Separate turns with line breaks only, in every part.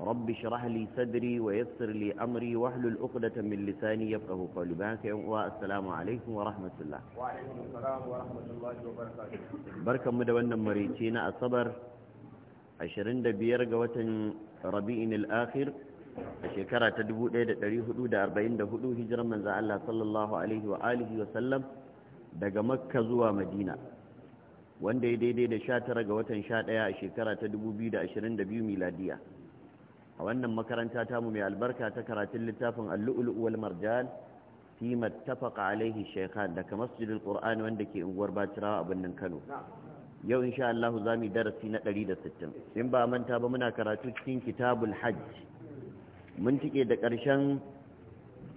رب اشرح لي صدري ويسر لي أمري واحلل عقدة من لساني يفقه قولي بانك والسلام عليكم ورحمة الله وعليكم السلام ورحمة الله وبركاته بركة مدونا مريتين الصبر 25 ga watan rabi'in al-akhir a shekara ta 1444 hijiran manzo Allah sallallahu alaihi wa sallam daga makka zuwa madina wanda ya daidai da 19 ga watan 11 a shekara ta 2022 miladiya a wannan makaranta tamu mai albarka ta karatun littafin al-lu'lu' wal marjan fi mattafaqa alaihi shaykhan daga masjidil qur'an wanda ke unguwar Bacirawa a birnin Kano yau insha Allah zamu darasi na 160 in ba manta ba muna karatu cikin kitabul hajj mun tike da ƙarshen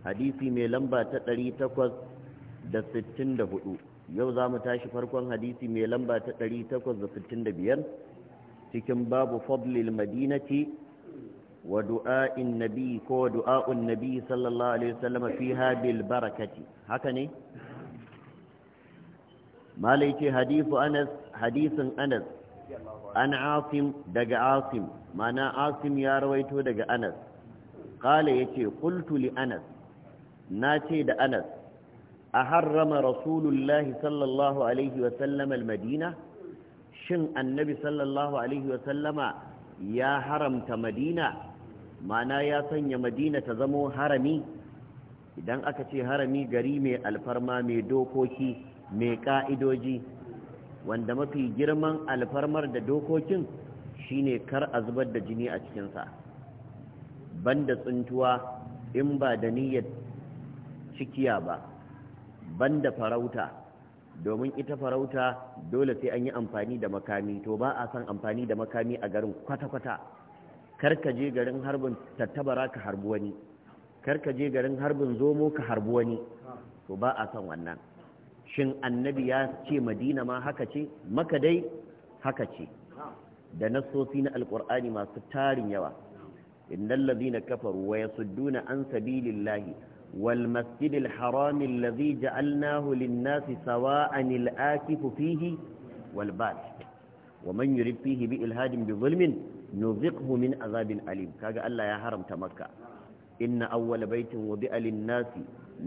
hadisi mai lamba ta 864 yau zamu tashi farkon hadisi mai lamba ta 865 cikin babu fadlil madinati ودعاء النبي كو دعاء النبي صلى الله عليه وسلم فيها بالبركة هكذا ما ليتي حديث أنس حديث أنس عن عاصم دق عاصم معنى عاصم يا رويته دق أنس قال يتي قلت لأنس ناتي دا أنس أحرم رسول الله صلى الله عليه وسلم المدينة شن النبي صلى الله عليه وسلم يا حرمت مدينة ma'ana ya sanya madina ta zamo harami idan aka ce harami gari mai alfarma mai dokoki mai ka'idoji wanda mafi girman alfarmar da dokokin shine kar a zubar da jini a cikinsa banda tsuntuwa in ba da niyyar cikiya ba banda farauta domin ita farauta dole sai an yi amfani da makami to ba a san amfani da makami a garin kwata-kwata karka je garin harbin tattabara ka harbi wani karka je garin harbin zomo ka harbi wani to ba a son wannan shin annabi ya ce madina ma haka ce maka dai haka ce da nassosi na alkur'ani masu tarin yawa innal ladhina kafaru wa yasudduna an sabilillahi wal masjidil haram alladhi ja'alnahu lin-nasi sawa'an al-akifu fihi wal bat wa man yurid fihi bi ilhadin bi zulmin nuziqhu min azabin alim kaga Allah ya haramta makka inna awwala baitin wudi'a lin-nasi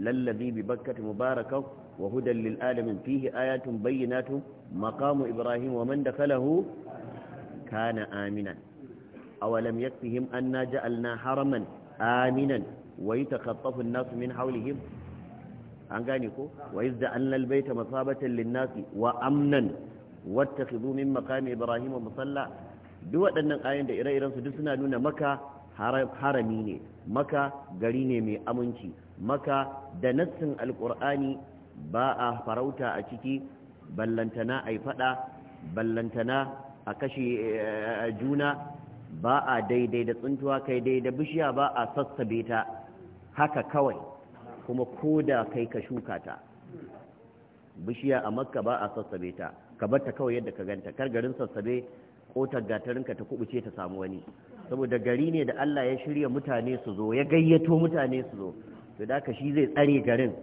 lallazi bi bakkati mubarakan wa hudan lil alamin fihi ayatun bayyinatun maqamu ibrahim wa man dakhalahu kana aminan awalam yakfihim anna ja'alna haraman aminan wa yatakhaffafu an-nasu min hawlihim an gane ko wa izda annal baita masabatan lin-nasi wa amnan wattakhidhu min maqami ibrahim musalla duk waɗannan ayoyin da ire-iren su duk suna nuna maka harami ne maka gari ne mai aminci maka da nassin alkur'ani ba a farauta a ciki ballantana a yi fada ballantana a kashe eh, eh, juna ba a daidai da tsuntuwa kai daidai bishiya ba a sassabe ta haka kawai kuma ko da kai ka shuka ta bishiya a makka ba a sassabe ta ka bar ta kawai yadda ka ganta kar garin sassabe ko taggatarinka ta kubuce ta samu wani saboda gari ne da Allah ya shirya mutane su zo ya gayyato mutane su zo to da ka shi zai tsare garin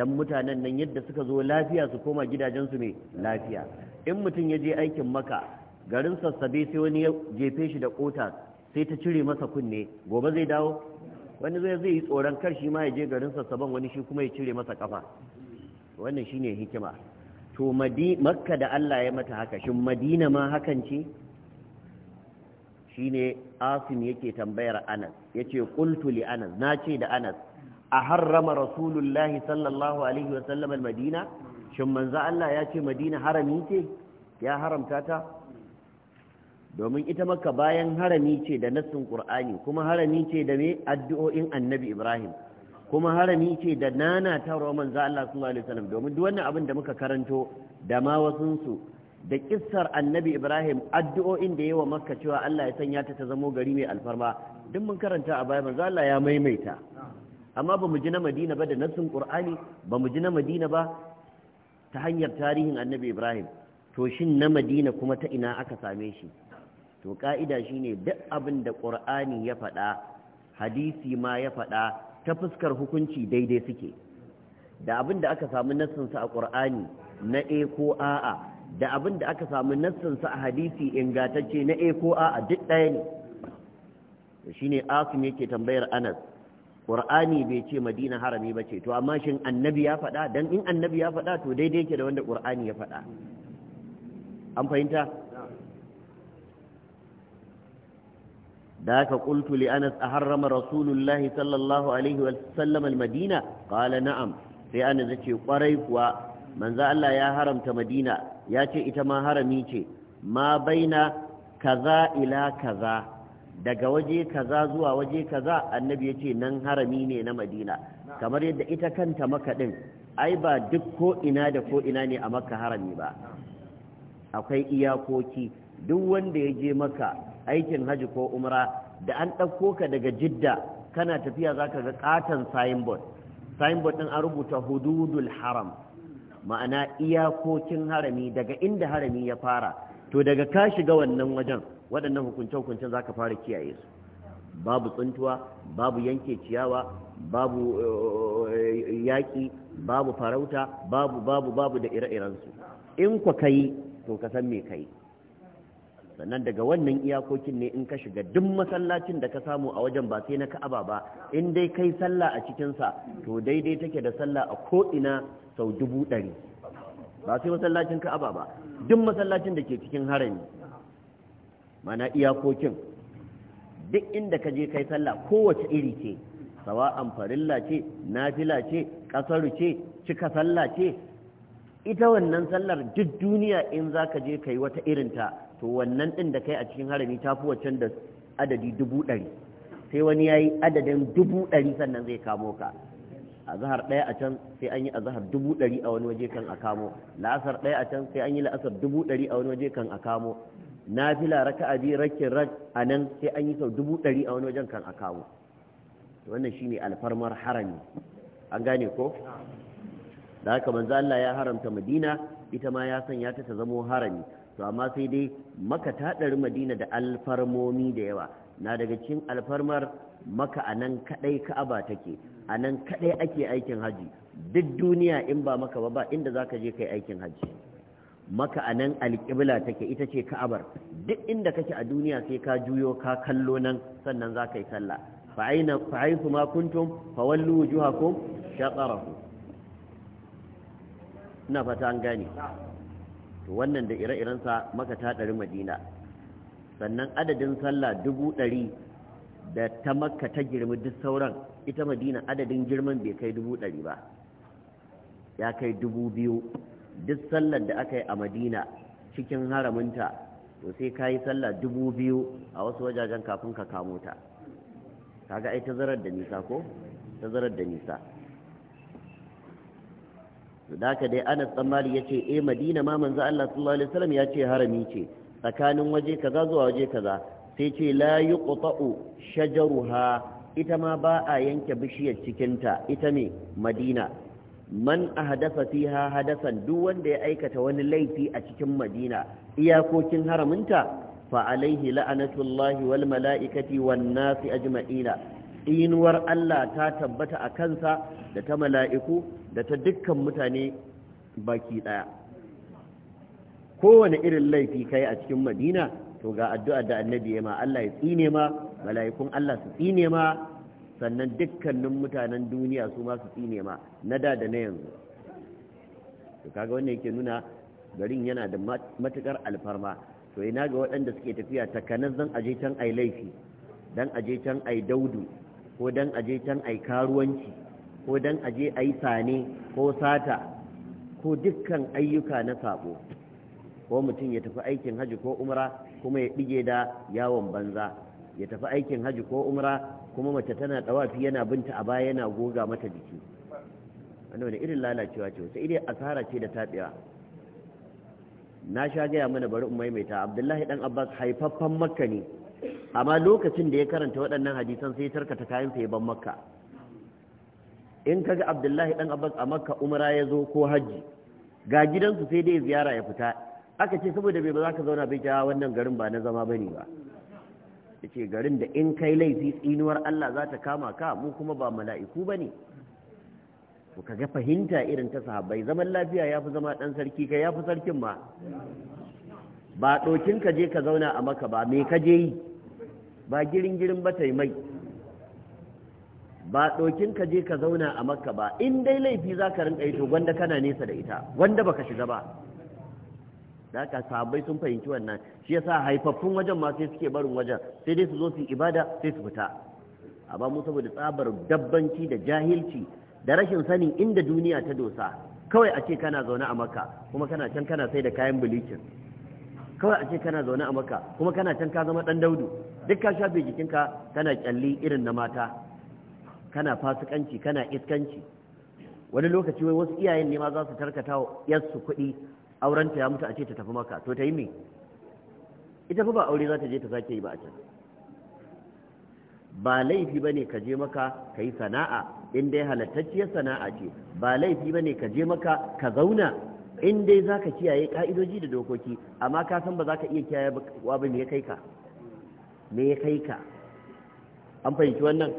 dan mutanen nan yadda suka zo lafiya su koma gidajensu mai lafiya in mutum ya je aikin maka garin sassabe sai wani ya jefe shi da kota sai ta cire masa kunne gobe zai dawo wani zai zai yi tsoron kar shi ma ya je garin sassaban wani shi kuma ya cire masa kafa wannan shine hikima to makka da Allah ya mata haka shin madina ma hakan ce Shi ne asim yake tambayar anas Ya ce, li anas Na ce da anas a harrama rasulullahi sallallahu alaihi wa sallam al-madina, shin manzo Allah ya ce madina harami ce ya haramta ta domin ita maka bayan harami ce da nassin qur'ani kuma harami ce da me addu'o'in annabi ibrahim kuma harami ce da nana ta manzo Allah sallallahu alaihi wasallam domin duk wannan abin da muka karanto da ma wasunsu da kissar annabi ibrahim addu'o'in da yawa makka cewa allah ya sanya ta ta zamo gari mai alfarma duk mun karanta a baya manzo allah ya maimaita amma ba mu ji na madina ba da nasin qur'ani ba mu ji na madina ba ta hanyar tarihin annabi ibrahim to shin na madina kuma ta ina aka same shi to ka'ida shine duk abin da qur'ani ya faɗa hadisi ma ya faɗa ta fuskar hukunci daidai suke da abin da aka samu nassinsa a qur'ani na Eko a'a da abin da aka samu nassansa a hadisi ingatacce na a ko a a duk ɗaya ne shi ne asim yake tambayar anas ƙur'ani bai ce madina harami ba ce to amma shin annabi ya faɗa don in annabi ya faɗa to daidai yake da wanda ƙur'ani ya faɗa an fahimta ذاك قلت لأنس أحرم رسول الله صلى الله عليه وسلم na'am sai anas ya ce يقريك kuwa manzo Allah ya haramta madina ya ce ita ma harami ce ma baina kaza ila kaza daga waje kaza zuwa waje kaza annabi ya ce nan harami ne na madina kamar yadda ita kanta maka ɗin ai ba duk ko ina da ko ina ne a maka harami ba akwai iyakoki duk wanda ya je maka aikin haji ko umra da an ɗauko ka daga jidda kana tafiya za ka ga ƙaton signboard signboard ɗin an rubuta hududul haram ma'ana iyakokin harami daga inda harami ya fara to daga ka shiga wannan wajen waɗannan hukunce-hukuncen za ka fara kiyaye su babu tsuntuwa babu yanke ciyawa babu eh, yaƙi babu farauta babu babu babu da ire-irensu in kwa kai to ka san me kai sannan daga wannan iyakokin ne in ka shiga duk masallacin da ka samu a wajen ba sai na ka'aba ba in dai kai sallah a cikinsa to daidai take da sallah a ko'ina sau dubu ɗari ba sai masallacin ka'aba ba duk masallacin da ke cikin harami mana iyakokin duk inda ka je kai sallah kowace iri ce sawa farilla ce nafila ce kasaru ce cika sallah ce ita wannan sallar duk duniya in za ka je ka yi wata irinta to wannan ɗin da kai a cikin harami ta fi waccan da adadi dubu ɗari sai wani ya yi adadin dubu ɗari sannan zai kamo ka a zahar ɗaya a can sai an yi a zahar dubu ɗari a wani waje kan a kamo la'asar ɗaya a can sai an yi la'asar dubu ɗari a wani waje kan a kamo na fila raka a biyu rakin rak a nan sai an yi sau dubu ɗari a wani wajen kan a kamo wannan shine alfarmar harami an gane ko da haka manzo Allah ya haramta Madina ita ma ya sanya ta ta zamo harami to amma sai dai maka ta ɗari madina da alfarmomi da yawa na daga cikin alfarmar maka a nan kaɗai ka'aba take a nan kaɗai ake aikin hajji duk duniya in ba maka ba ba inda za ka je kai aikin hajji maka a nan alƙibla take ita ce ka'abar duk inda kake a duniya sai ka juyo ka kallo nan sannan za ka yi sallah fa'aina fa'aifu ma kuntum fawallu wujuhakum shaqarahu ina fata an gane to wannan da ire-irensa maka ta ɗari madina sannan adadin sallah dubu ɗari da ta makka ta girma duk sauran ita madina adadin girman bai kai dubu ɗari ba ya kai dubu biyu duk sallar da aka yi a madina cikin haraminta to sai ka yi sallah dubu biyu a wasu wajajen kafin ka kamo ta kaga ai tazarar da nisa ko tazarar da nisa to da haka dai Anas dan Malik yace eh Madina ma manzo Allah sallallahu alaihi wasallam yace harami ce tsakanin waje kaza zuwa waje kaza sai ce la yuqta'u shajaruha ita ma ba a yanke bishiyar cikinta ita ne Madina man ahdasa fiha hadasan duk wanda ya aikata wani laifi a cikin Madina iyakokin haraminta fa alaihi la'anatullahi wal mala'ikati wan nasi ajma'ina inuwar Allah ta tabbata a kansa da ta mala'iku da ta dukkan mutane baki ɗaya kowane irin laifi kai a cikin madina to ga addu'ar da annabi ya ma Allah ya tsine ma mala'ikun Allah su tsine ma sannan dukkanin mutanen duniya su ma su tsine ma na da da na yanzu to kaga wannan yake nuna garin yana da matukar alfarma to ina ga waɗanda suke tafiya ta zan aje can ai laifi dan aje can ai daudu ko dan aje can ai karuwanci ko dan aje a yi sane ko sata ko dukkan ayyuka na sabo ko mutum ya tafi aikin haji ko umra kuma ya ɗige da yawon banza ya tafi aikin haji ko umra kuma mace tana ɗawafi yana binta a baya yana goga mata jiki Wani wani irin lalacewa ce sai dai asara ce da taɓewa na sha gaya mana bari in maimaita abdullahi dan abbas haifaffen makka ne amma lokacin da ya karanta waɗannan hadisan sai ya tarkata kayan sa ya ban makka in ka ga abdullahi ɗan abbas a makka umara ya zo ko hajji ga gidansu sai dai ziyara ya fita aka ce saboda bai ba za ka zauna bai ja ah, wannan garin ba na zama bane ba yace garin da in kai laifi tsinuwar Allah za ta kama ka mu kuma ba mala'iku ba bane to kaga fahimta irin ta sahabbai zaman lafiya ya fi zama dan sarki kai fi sarkin ma ba ɗokin ka je ka zauna a maka ba me ka je yi ba girin girin ba ta yi mai ba ɗokin ka je ka zauna a makka ba in dai laifi za ka rinka yi to gwanda kana nesa da ita wanda baka shiga ba da ka sabai sun fahimci wannan shi yasa haifaffun wajen ma sai suke barin wajen sai dai su zo su ibada sai su fita amma mu saboda tsabar dabbanci da jahilci da rashin sani inda duniya ta dosa kawai a ce kana zaune a makka kuma kana can kana sai da kayan bilicin kawai a ce kana zaune a makka kuma kana can ka zama dan daudu duk ka shafe jikinka kana kyalli irin na mata kana fasikanci kana iskanci wani lokaci wai wasu iyayen ne ma za su tarkata yarsu kuɗi aurenta ya mutu a ce ta tafi maka to ta yi me ita fa ba aure za ta je ta sake yi ba a can ba laifi ba ne ka je maka ka yi sana'a in dai halattacciyar sana'a ce ba laifi ba ne ka je maka ka zauna in dai za ka kiyaye ka'idoji da dokoki amma ka san ba za ka iya kiyaye ba me ya me ya kai ka an fahimci wannan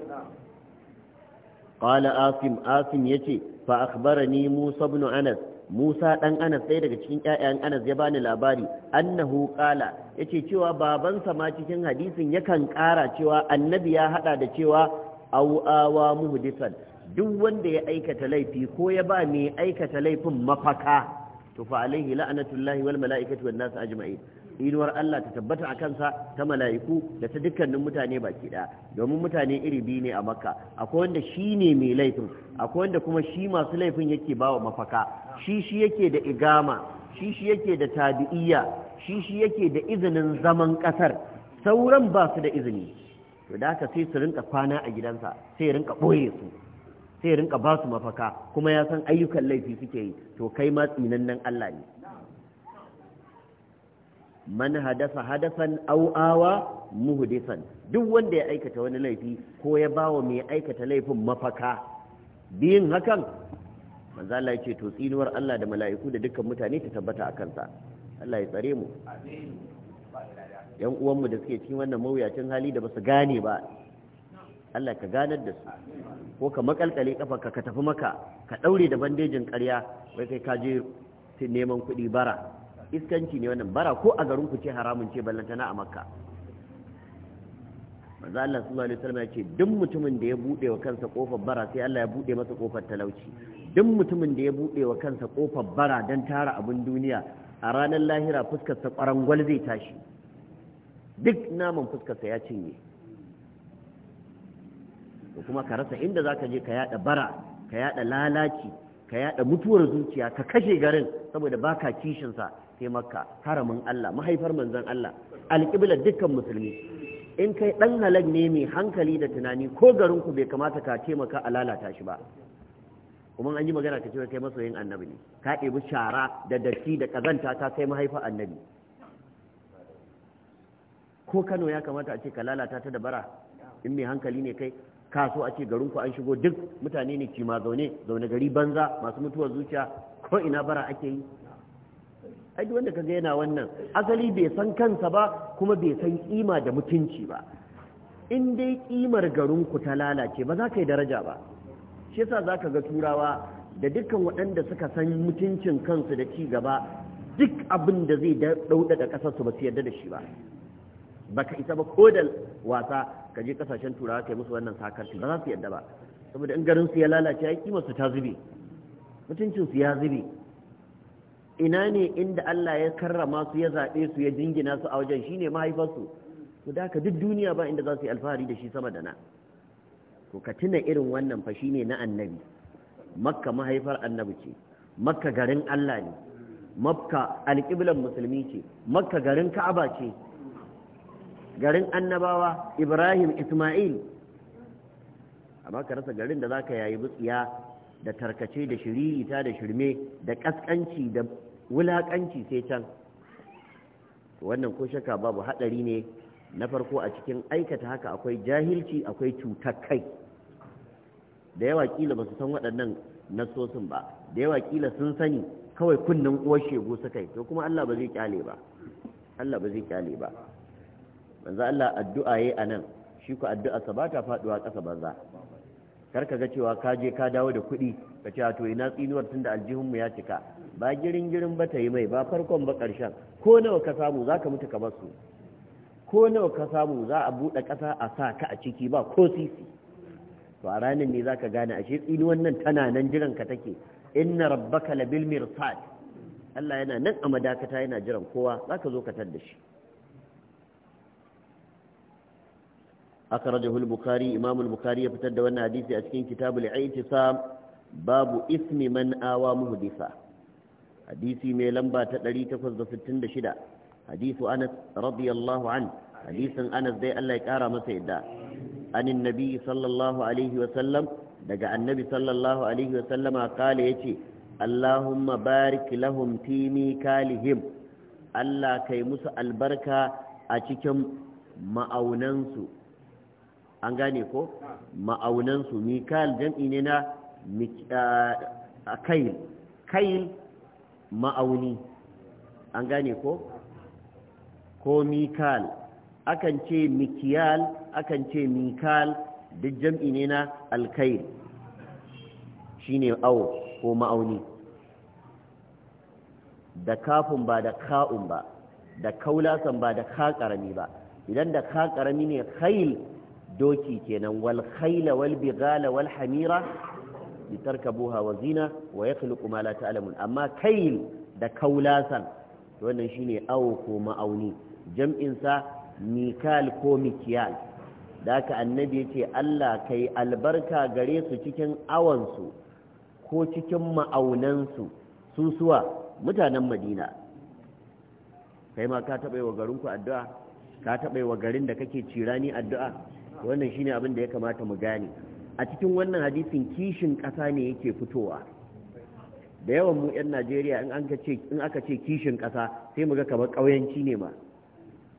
قال asim asim yace fa موسى musa ibn anas musa dan anas sai daga cikin ƴaƴan anas ya bani labari annahu qala yace cewa babansa ma cikin hadisin yakan ƙara cewa annabi ya hada da cewa aw awa muhdisan duk wanda ya aikata laifi ko ya ba mai aikata laifin mafaka to fa alaihi la'natullahi wal mala'ikati wan nas ajma'in inuwar Allah ta tabbata a kansa ta mala'iku da ta dukkanin mutane baki ɗaya domin mutane iri biyu ne a makka akwai wanda shi ne mai laifin akwai wanda kuma shi masu laifin yake bawa mafaka shi shi yake da igama shi shi yake da tabi'iyya shi shi yake da izinin zaman ƙasar sauran ba su da izini to da haka sai su rinka kwana a gidansa sai ya rinka ɓoye su sai rinka ba su mafaka kuma ya san ayyukan laifi suke yi to kai ma tsinannen Allah ne man hadafa hadafan aw awa duk wanda ya aikata wani laifi ko ya bawa mai aikata laifin mafaka biyin hakan manzo Allah yace to tsinuwar Allah da mala'iku da dukkan mutane ta tabbata a kansa Allah ya tsare mu yan uwanmu da suke cikin wannan mawuyacin hali da basu gane ba Allah ka ganar da su ko ka makalkale kafarka ka tafi maka ka daure da bandejin ƙarya wai kai ka je neman kuɗi bara iskanci ne wannan bara ko a garin ku ce haramun ce ballantana a makka manzo Allah sallallahu alaihi wasallam ya ce duk mutumin da ya bude wa kansa kofar bara sai Allah ya bude masa kofar talauci duk mutumin da ya bude wa kansa kofar bara dan tara abun duniya a ranar lahira fuskar sa kwarangwal zai tashi duk naman fuskar sa ya cinye ko kuma ka rasa inda zaka je ka yada bara ka yada lalaci ka yada mutuwar zuciya ka kashe garin saboda baka kishin sa sai makka haramin Allah mahaifar manzon Allah alƙibla dukkan musulmi in kai ɗan halak ne mai hankali da tunani ko garinku bai kamata ka taimaka a lalata shi ba kuma an yi magana ka ce kai masoyin annabi ne ka ɗebi shara da datti da kazanta ta kai mahaifa annabi ko kano ya kamata a ce ka lalata ta da bara in mai hankali ne kai so a ce garinku an shigo duk mutane ne kima zaune zaune gari banza masu mutuwar zuciya ko ina bara ake yi ai duk wanda kaga yana wannan asali bai san kansa ba kuma bai san kima da mutunci ba in dai kimar garin ku ta lalace ba za ka yi daraja ba shi yasa zaka ga turawa da dukkan waɗanda suka san mutuncin kansu da ci gaba duk abin da zai ɗauɗaɗa kasar su ba su yarda da shi ba baka isa ba ko da wasa ka je kasashen turawa kai musu wannan sakarci ba za su yarda ba saboda in garin su ya lalace ai kimar ta zube mutuncin ya zube ina ne inda Allah ya karrama su ya zaɓe su ya jingina su a wajen shine mahaifarsu to da duk duniya ba inda za su yi alfahari da shi sama da na to ka tuna irin wannan fa ne na annabi makka mahaifar annabi ce makka garin Allah ne makka alƙiblan musulmi ce makka garin ka'aba ce garin annabawa ibrahim isma'il amma ka rasa garin da za ka yayi butsiya da tarkace da shiriri da shirme da kaskanci, da wulaƙanci sai can wannan ko shaka babu haɗari ne na farko a cikin aikata haka akwai jahilci akwai cutar kai da yawa kila ba su san waɗannan nasosin ba da yawa kila sun sani kawai kunnen uwar shegu su kai to kuma Allah ba zai kyale ba Allah ba zai kyale ba manzo Allah addu'a yayi anan shi ku addu'a sa ba ta faduwa ƙasa banza kar ka ga cewa ka je ka dawo da kuɗi ka ce to ina tsinuwar da aljihunmu ya cika ba girin girin ba ta yi mai ba farkon ba ƙarshen ko nawa ka samu za ka mutu ka bar su ko nawa ka samu za a buɗe ƙasa a sa ka a ciki ba ko sisi to a ranar ne za ka gane ashe tsinuwar nan tana nan jiran ka take inna rabbaka bil mirsad Allah yana nan a madakata yana jiran kowa za ka zo ka tar da shi أخرجه ya fitar da wannan hadisi a cikin كتاب الاعتصام babu ismi man awa muhdisa hadisi mai lamba ta 866 hadisu anas radiyallahu an hadisin anas dai Allah ya kara masa yadda anin nabi sallallahu alaihi wa sallam daga annabi sallallahu alaihi wa sallam. kale yace Allahumma barik lahum timi mikalihim Allah kai musu albarka a cikin ma'aunansu an gane ko ma'aunansu mikal jam'i ne na kail kail ma'auni an gane ko ko mikal akan ce mikiyal akan ce mikal duk jam'i ne na alkail shine awo ko ma'auni da kafin ba da ka'un ba da kaulasan ba da ka ba idan da ka ne kail doki kenan wal khaila wal bigala wal hamira litarkabuha wa zina wa yakhluqu ma la ta'lamun amma kayl da kaulasan wannan shine aw ko ma'auni jam'in sa mikal ko mikiyal da haka annabi yace Allah kai albarka gare su cikin awon su ko cikin ma'aunan su susuwa mutanen Madina kai ma ka taɓa yi wa ku addu'a ka taɓa yi wa garin da kake cirani addu'a wannan shine abin da ya kamata mu gane a cikin wannan hadisin kishin ƙasa ne yake fitowa da yawan mu 'yan najeriya in aka ce kishin ƙasa sai mu ga kamar ƙauyanci ne ma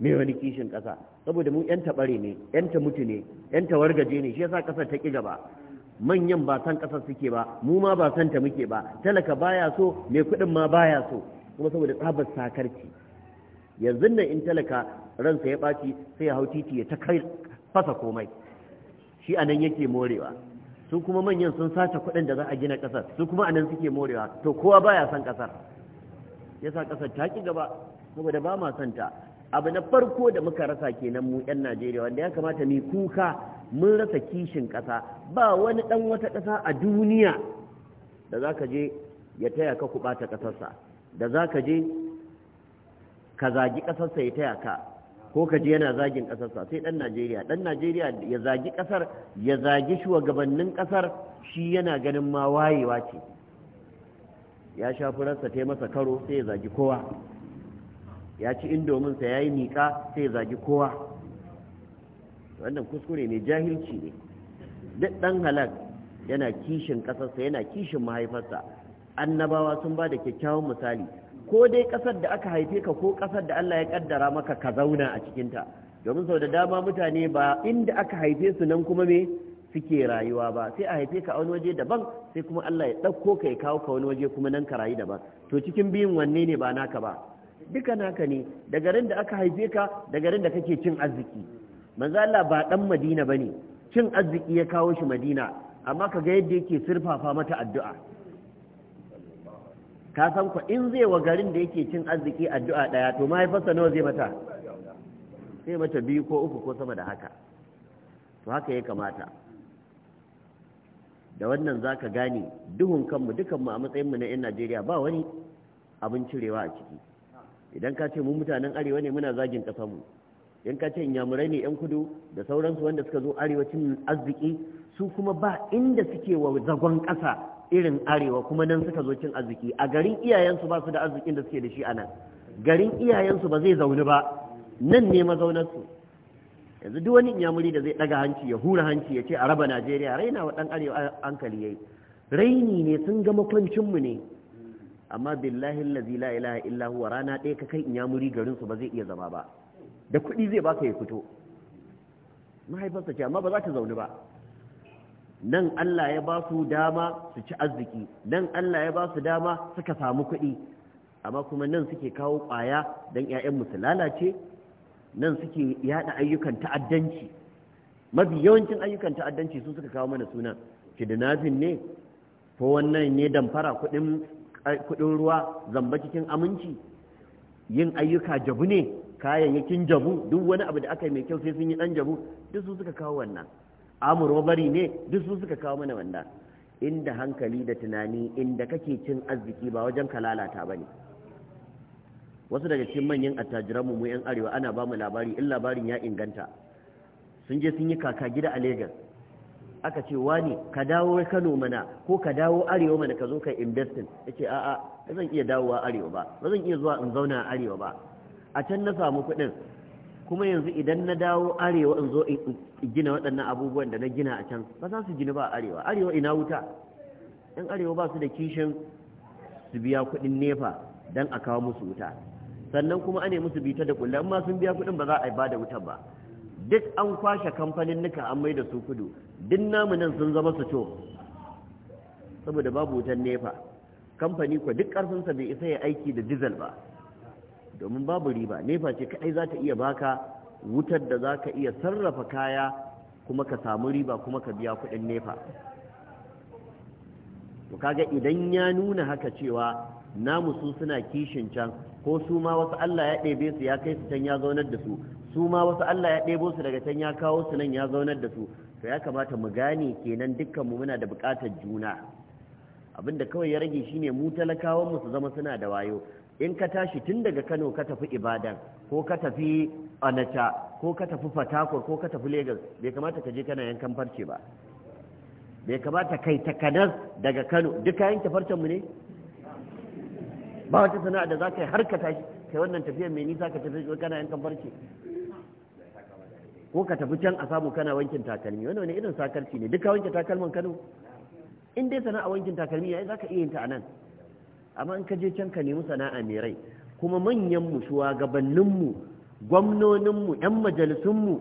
me wani kishin ƙasa saboda mu 'yan taɓare ne 'yan ta mutu ne 'yan wargaje ne shi yasa ƙasar ta ƙi gaba manyan ba san ƙasar suke ba mu ma ba san ta muke ba talaka baya so mai kuɗin ma baya so kuma saboda tsabar sakarci yanzu nan in talaka ransa ya ɓaci sai ya hau titi ya ta fasa komai shi anan yake morewa su kuma manyan sun sace kudin da za a gina kasar su kuma anan suke morewa to kowa baya son kasar yasa kasar ta ki gaba saboda ba ma son ta abu na farko da muka rasa kenan mu 'yan Najeriya wanda ya kamata mu kuka mun rasa kishin kasa ba wani dan wata kasa a duniya da za ka je ya taya ka kuɓata kasarsa da zaka je ka zagi ƙasarsa ya taya ka ko ka ji yana zagin ƙasarsa sai ɗan najeriya ɗan najeriya ya zagi ƙasar ya zagi shugabannin ƙasar shi yana ganin ma wayewa ce ya sha furarsa ta masa karo sai ya zagi kowa ya ci indominsa ya yi miƙa sai ya zagi kowa wannan kuskure ne jahilci ne duk ɗan halak yana kishin ƙasarsa yana kishin mahaifarsa annabawa sun ba da kyakkyawan misali ko dai ƙasar da aka haife ka ko ƙasar da Allah ya ƙaddara maka ka zauna a cikinta domin sau da dama mutane ba inda aka haife su nan kuma me suke rayuwa ba sai a haife ka a wani waje daban sai kuma Allah ya ɗauko ka ya kawo ka wani waje kuma nan ka rayu daban to cikin biyun wanne ne ba naka ba duka naka ne da garin da aka haife ka da garin da kake cin arziki manzo Allah ba dan Madina bane cin arziki ya kawo shi Madina amma kaga yadda yake sirfafa mata addu'a ka san ku in zai wa garin da yake cin arziki addu'a daya to mahaifarsa nawa zai mata sai mata biyu ko uku ko sama da haka to haka ya kamata da wannan za ka gane duhun kanmu dukanmu a matsayinmu na 'yan najeriya ba wani abin cirewa a ciki idan ka ce mu mutanen arewa ne muna zagin ƙasanmu in ka ce inyamurai ne 'yan kudu da sauransu wanda suka zo arewacin arziki su kuma ba inda suke wa zagon ƙasa irin arewa kuma nan suka zo cin arziki a garin iyayensu ba su da arzikin da suke da shi a nan garin iyayensu ba zai zaune ba nan ne mazaunarsu yanzu duk wani inyamuri da zai daga hanci ya hura hanci ya ce a raba najeriya raina wa dan arewa hankali yayi raini ne sun ga mu ne amma billahi lazi la ilaha illa huwa rana ɗaya ka kai inyamuri garinsu ba zai iya zama ba da kuɗi zai baka ya fito mahaifarsa ce amma ba za ta zaune ba nan Allah ya ba su dama su ci arziki nan Allah ya ba su dama suka samu kuɗi amma kuma nan suke kawo ƙwaya don 'ya'yan su lalace nan suke yada ayyukan ta'addanci mafi yawancin ayyukan ta'addanci su suka kawo mana suna. kidnapping ne ko wannan ne damfara kuɗin ruwa zamba cikin aminci yin ayyuka jabu ne kayayyakin jabu duk wani abu da aka yi mai kyau sai sun yi ɗan jabu duk su suka kawo wannan amuro bari ne duk su suka kawo mana wannan inda hankali da tunani inda kake cin arziki ba wajen ka lalata ba ne wasu daga cikin manyan attajiran mu 'yan arewa ana ba mu labari in labarin ya inganta sun je sun yi kaka gida a Legas aka ce wani ka dawo Kano mana ko ka dawo Arewa mana ka zo ka investin ce, a'a ba zan iya dawowa Arewa ba ba zan iya zuwa in zauna a Arewa ba a can na samu kuɗin kuma yanzu idan na dawo arewa in zo in gina waɗannan abubuwan da na gina a can ba za su gina ba arewa arewa ina wuta yan arewa ba su da kishin su biya kuɗin nefa don a kawo musu wuta sannan kuma ane musu bita da kullum ma sun biya kuɗin ba za a ba da wutar ba duk an kwashe kamfanin nuka an mai da su kudu duk namu nan sun zama su to saboda babu wutan nefa kamfani kwa duk ƙarfinsa bai isa ya aiki da dizal ba domin babu riba nefa ce kadai za ta iya baka wutar da za ka iya sarrafa kaya kuma ka samu riba kuma ka biya kuɗin nefa to kaga idan ya nuna haka cewa namu su suna kishin can ko su ma wasu Allah ya ɗebe su ya kai su can ya zaunar da su su ma wasu Allah ya ɗebo su daga can ya kawo su nan ya zaunar da su to ya kamata mu gane kenan dukkan mu muna da buƙatar juna abinda kawai ya rage shine mu talakawan mu su zama suna da wayo in ka tashi tun daga Kano ka tafi Ibadan ko ka tafi Anata ko ka tafi Fatakwal ko ka tafi Lagos bai kamata ka je kana yankan farce ba bai kamata kai takanas daga Kano duka yanke farcen mu ne ba wata sana'a da za ka yi har ka tashi kai wannan tafiyar mai nisa ka tafi kana yankan farce ko ka tafi can a samu kana wankin takalmi Wannan wani irin sakarci ne duka wanke takalman Kano in dai sana'a wankin takalmi za zaka iya yin ta anan amma in ka je can ka nemi sana'a mai rai kuma manyanmu mu gwamnoninmu 'yan majalisunmu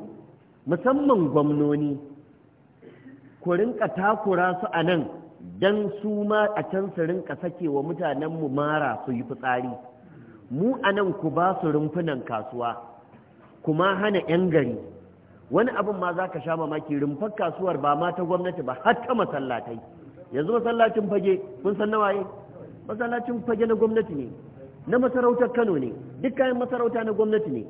musamman gwamnoni ku rinka takura su a nan don su ma a can su rinka sake wa mu mara su yi fitsari mu anan ku ba su rumfunan kasuwa kuma hana 'yan gari wani abin ma za ka sha mamaki rumfar kasuwar ba ma ta gwamnati ba har ta masallatai yanzu masallacin fage kun san nawaye masallacin fage na gwamnati ne na masarautar kano ne duk kayan masarauta na gwamnati ne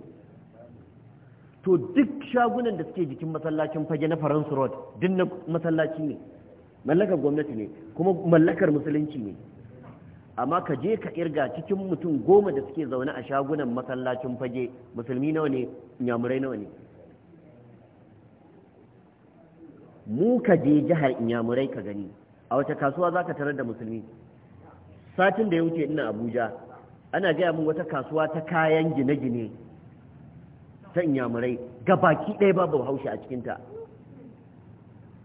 to duk shagunan da suke jikin masallacin fage na faransu road duk na masallaci ne mallakar gwamnati ne kuma mallakar musulunci ne amma ka je ka irga cikin mutum goma da suke zaune a shagunan masallacin fage musulmi nawa ne inyamurai nawa ne mu ka je jihar inyamurai ka gani a wace kasuwa za ka tarar da musulmi satin da ya wuce ina abuja ana gaya min wata kasuwa ta kayan gine-gine ta inyamurai baki ɗaya babu haushe a cikinta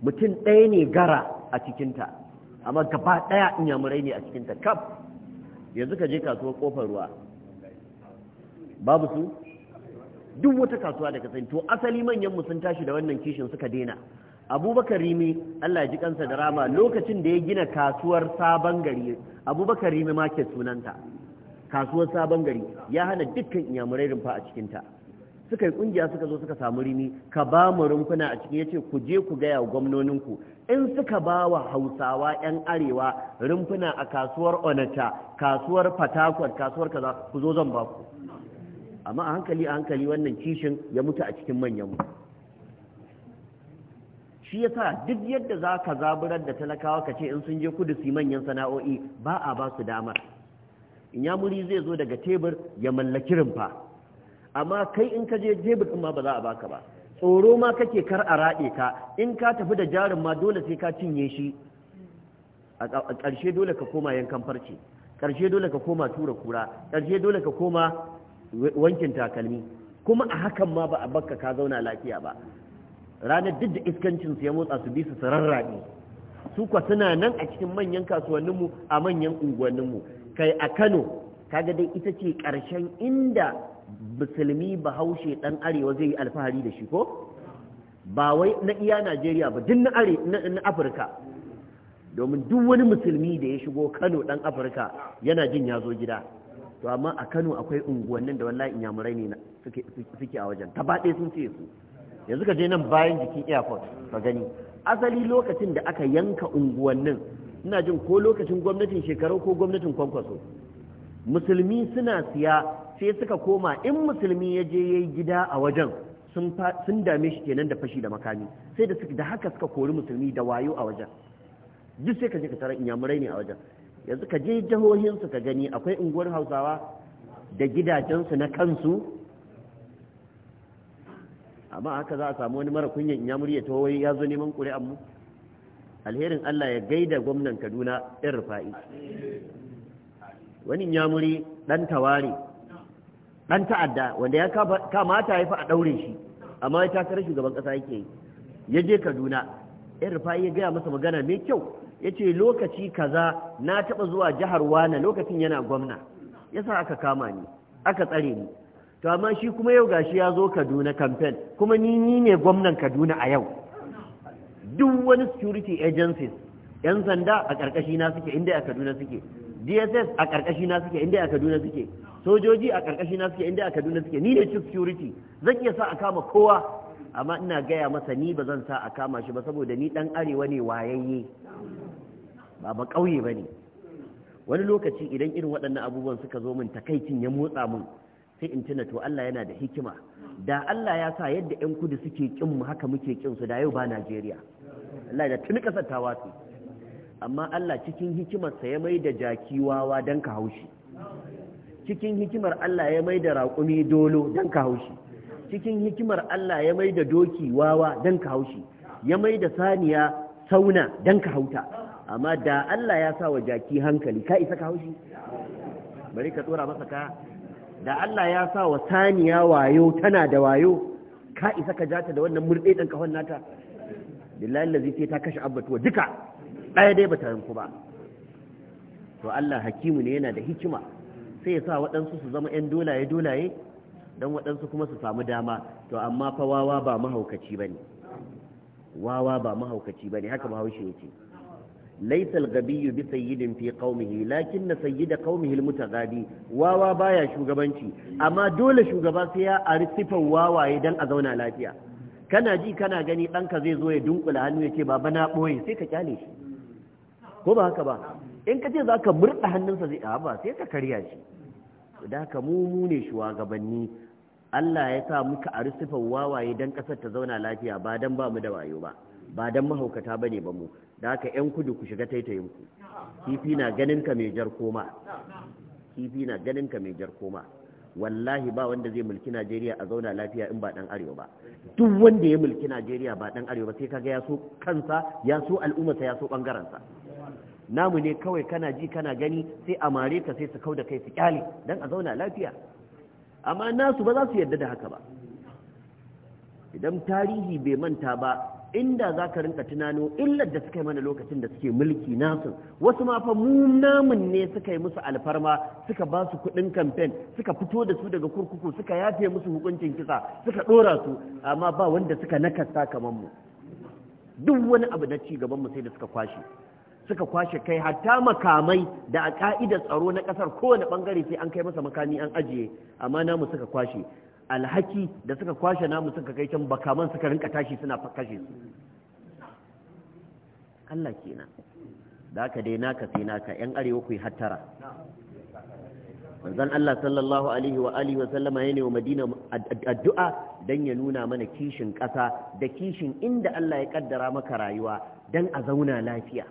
mutum ɗaya ne gara a cikinta amma gaba ɗaya inyamurai ne a cikinta kaf yanzu ka je kasuwar ƙofar ruwa babu su duk wata kasuwa da ka sani to asali manyanmu sun tashi da wannan kishin suka daina abubakar rimi allah ji kansa da rama lokacin da ya gina kasuwar sabon gari abubakar rimi market sunanta kasuwar sabon gari ya hana dukkan inyamurai rumfa a cikinta suka yi kungiya suka zo suka samu rimi ka ba mu rumfuna a cikin yace ku je ku gaya wa gwamnoninku in suka ba wa hausawa 'yan arewa rumfuna a kasuwar onata kasuwar fatakwar kasuwar kaza ku zo zan ba ku amma a hankali a hankali wannan kishin ya mutu a cikin manyan mu shi yasa duk yadda za ka zaburar da talakawa ka ce in sun je kudu su manyan sana'o'i ba a ba su damar in ya muri zai zo daga tebur ya mallaki rumfa amma kai in ka je tebur ɗin ma ba za a baka ba tsoro ma kake kar a raɗe ka in ka tafi da jarin ma dole sai ka cinye shi a ƙarshe dole ka koma yankan farce ƙarshe dole ka koma tura kura ƙarshe dole ka koma wankin takalmi kuma a hakan ma ba a bakka ka zauna lafiya ba ranar duk da iskancin ya motsa su bi su sararraɗe su kwa suna nan a cikin manyan kasuwanninmu a manyan unguwanninmu kai a kano kaga dai ita ce ƙarshen inda musulmi bahaushe ɗan arewa zai yi alfahari da shi ko ba wai na iya najeriya ba duk na are na afirka domin duk wani musulmi da ya shigo kano ɗan afirka yana jin ya zo gida to amma a kano akwai unguwannin da wallahi inyamurai ne suke a wajen ba ɗaya sun ce su yanzu ka je nan bayan jikin airport ka gani asali lokacin da aka yanka unguwannin ina jin ko lokacin gwamnatin shekaru ko gwamnatin kwankwaso musulmi suna siya sai suka koma in musulmi ya je ya yi gida a wajen sun dame shi kenan da fashi da makami sai da da haka suka kori musulmi da wayo a wajen duk sai ka je ka tara inyamurai ne a wajen yanzu ka je jihohinsu ka gani akwai unguwar hausawa da gidajensu na kansu amma haka za a samu wani mara kunyan in ya murya to wai ya zo neman ƙuri'an mu alherin Allah ya gaida gwamnan Kaduna ɗin rufa'i wani ya muri ɗan tawari ɗan ta'adda wanda ya kamata ya fi a ɗaure shi amma ya takarar shugaban ƙasa yake ya je Kaduna ɗin rufa'i ya gaya masa magana mai kyau ya ce lokaci kaza na taɓa zuwa jihar Wana lokacin yana gwamna yasa aka kama ni aka tsare ni to amma shi kuma yau gashi ya zo kaduna campaign kuma ni ni ne gwamnan kaduna a yau duk wani security agencies yan sanda a ƙarƙashi na suke inda a kaduna suke dss a ƙarƙashi na suke inda a kaduna suke sojoji a ƙarƙashi na suke inda a kaduna suke ni ne chief security zan iya sa a kama kowa amma ina gaya masa ni ba zan sa a kama shi ba saboda ni ɗan arewa ne wayayye ba ba ƙauye ba ne wani lokaci idan irin waɗannan abubuwan suka zo min takaicin ya motsa min sai in tuna to Allah yana da hikima da Allah ya sa yadda 'yan kudu suke kin mu haka muke kin su da yau ba Najeriya Allah da tuni kasar ta watsi amma Allah cikin hikimar sa ya mai da jaki wawa dan ka haushi cikin hikimar Allah ya mai da raƙumi dolo dan ka haushi cikin hikimar Allah ya mai da doki wawa dan ka haushi ya mai da saniya sauna dan ka hauta amma da Allah ya sa wa jaki hankali ka isa ka haushi bari ka tsora masa ka da Allah ya sa wa saniya wayo tana da wayo ka isa ka jata da wannan murɗe ɗan kafan nata billahi lazi ce ta kashe abbatuwa duka ɗaya dai bata yanku ba to Allah hakimu ne yana da hikima sai ya sa waɗansu su zama 'yan dolaye dolaye don waɗansu kuma su samu dama to amma fa wawa ba mahaukaci ba ne wawa ba mahaukaci ba haka bahaushe ya ce laisa al-ghabiyyu bi sayyidin fi qaumihi lakinna sayyida qaumihi al-mutaghadi wawa baya shugabanci amma dole shugaba sai ya ari sifan wawaye dan a zauna lafiya kana ji kana gani ɗanka zai zo ya dunkula hannu ya ce baba na ɓoye sai ka kyale shi ko ba haka ba in ka ce za ka murɗa hannunsa zai ba sai ka karya shi da haka mu ne shugabanni Allah ya sa muka a wawaye don ƙasar ta zauna lafiya ba don ba mu da wayo ba ba don mahaukata ba ne ba mu da aka yan kudu ku shiga taitayin ku
kifi na ganin ka mai jar koma
kifi na ganin ka mai jar koma wallahi ba wanda zai mulki Najeriya a zauna lafiya in ba dan arewa ba duk wanda ya mulki Najeriya ba dan arewa sai kaga ya so kansa ya so al'ummarsa ya so bangaransa namu ne kawai kana ji kana gani sai a mare ka sai su kau da kai su kyale dan a zauna lafiya amma nasu ba za su yarda da haka ba idan tarihi bai manta ba inda za ka rinka tunano illar da suka yi mana lokacin da suke mulki nasu wasu ma fa mu namun ne suka yi musu alfarma suka ba su kuɗin kamfen suka fito da su daga kurkuku suka yafe musu hukuncin kisa suka ɗora su amma ba wanda suka nakasta kamar mu duk wani abu na ci gaban mu sai da suka kwashe suka kwashe kai hatta makamai da a ka'idar tsaro na ƙasar, kowane ɓangare sai an kai masa makami an ajiye amma namu suka kwashe alhaki da suka kwashe namu suka kai can bakaman suka rinka tashi suna kashe su Allah kenan da aka dai naka sai naka yan arewa ku yi hattara manzon Allah sallallahu alaihi wa alihi wa sallama yana wa Madina addu'a dan ya nuna mana kishin ƙasa da kishin inda Allah ya kaddara maka rayuwa dan a zauna lafiya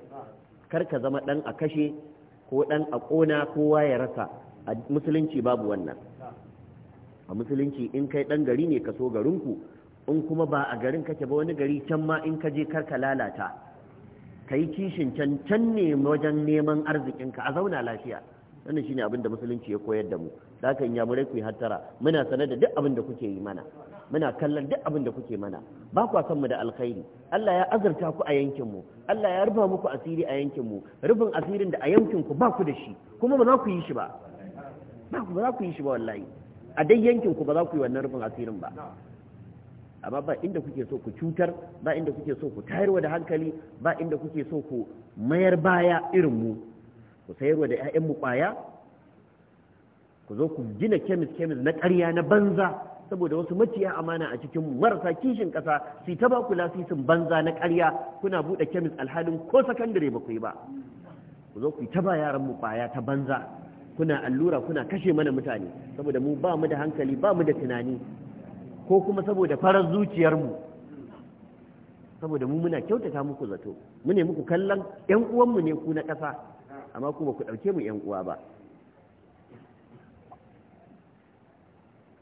kar ka zama ɗan a kashe ko dan a kona kowa ya rasa musulunci babu wannan a musulunci in kai dan gari ne ka so garinku in kuma ba a garin kake ba wani gari can ma in ka je kar ka lalata ka yi kishin can can ne wajen neman arzikinka a zauna lafiya wannan shine abin da musulunci ya koyar da mu da ya inyamurai ku yi hattara muna sanar da duk abin da kuke yi mana muna kallon duk abin da kuke mana ba kwa san mu da alkhairi Allah ya azurta ku a yankin mu Allah ya rufa muku asiri a yankin mu rufin asirin da a yankin ku ba ku da shi kuma ba za ku yi shi ba ba ku ba za ku yi shi ba wallahi a dai yankin ku ba za ku yi wannan rufin asirin ba amma ba inda kuke so ku cutar ba inda kuke so ku tayarwa da hankali ba inda kuke so ku mayar baya irin mu ku sayarwa da 'ya'yan mu kwaya ku zo ku gina kemis kemis na ƙarya na banza saboda wasu maciya amana a cikin marasa kishin ƙasa su ta ba ku lasisin banza na ƙarya kuna buɗe kemis alhalin ko sakandare ba ku yi ba ku zo ku ta ba yaran mu kwaya ta banza kuna allura kuna kashe mana mutane saboda mu ba mu da hankali ba mu da tunani ko kuma saboda farar zuciyarmu saboda mu muna kyautata muku zato mu ne muku kallon ƴan uwanmu ne ku na ƙasa amma ku ba ku ɗauke mu ƴan uwa ba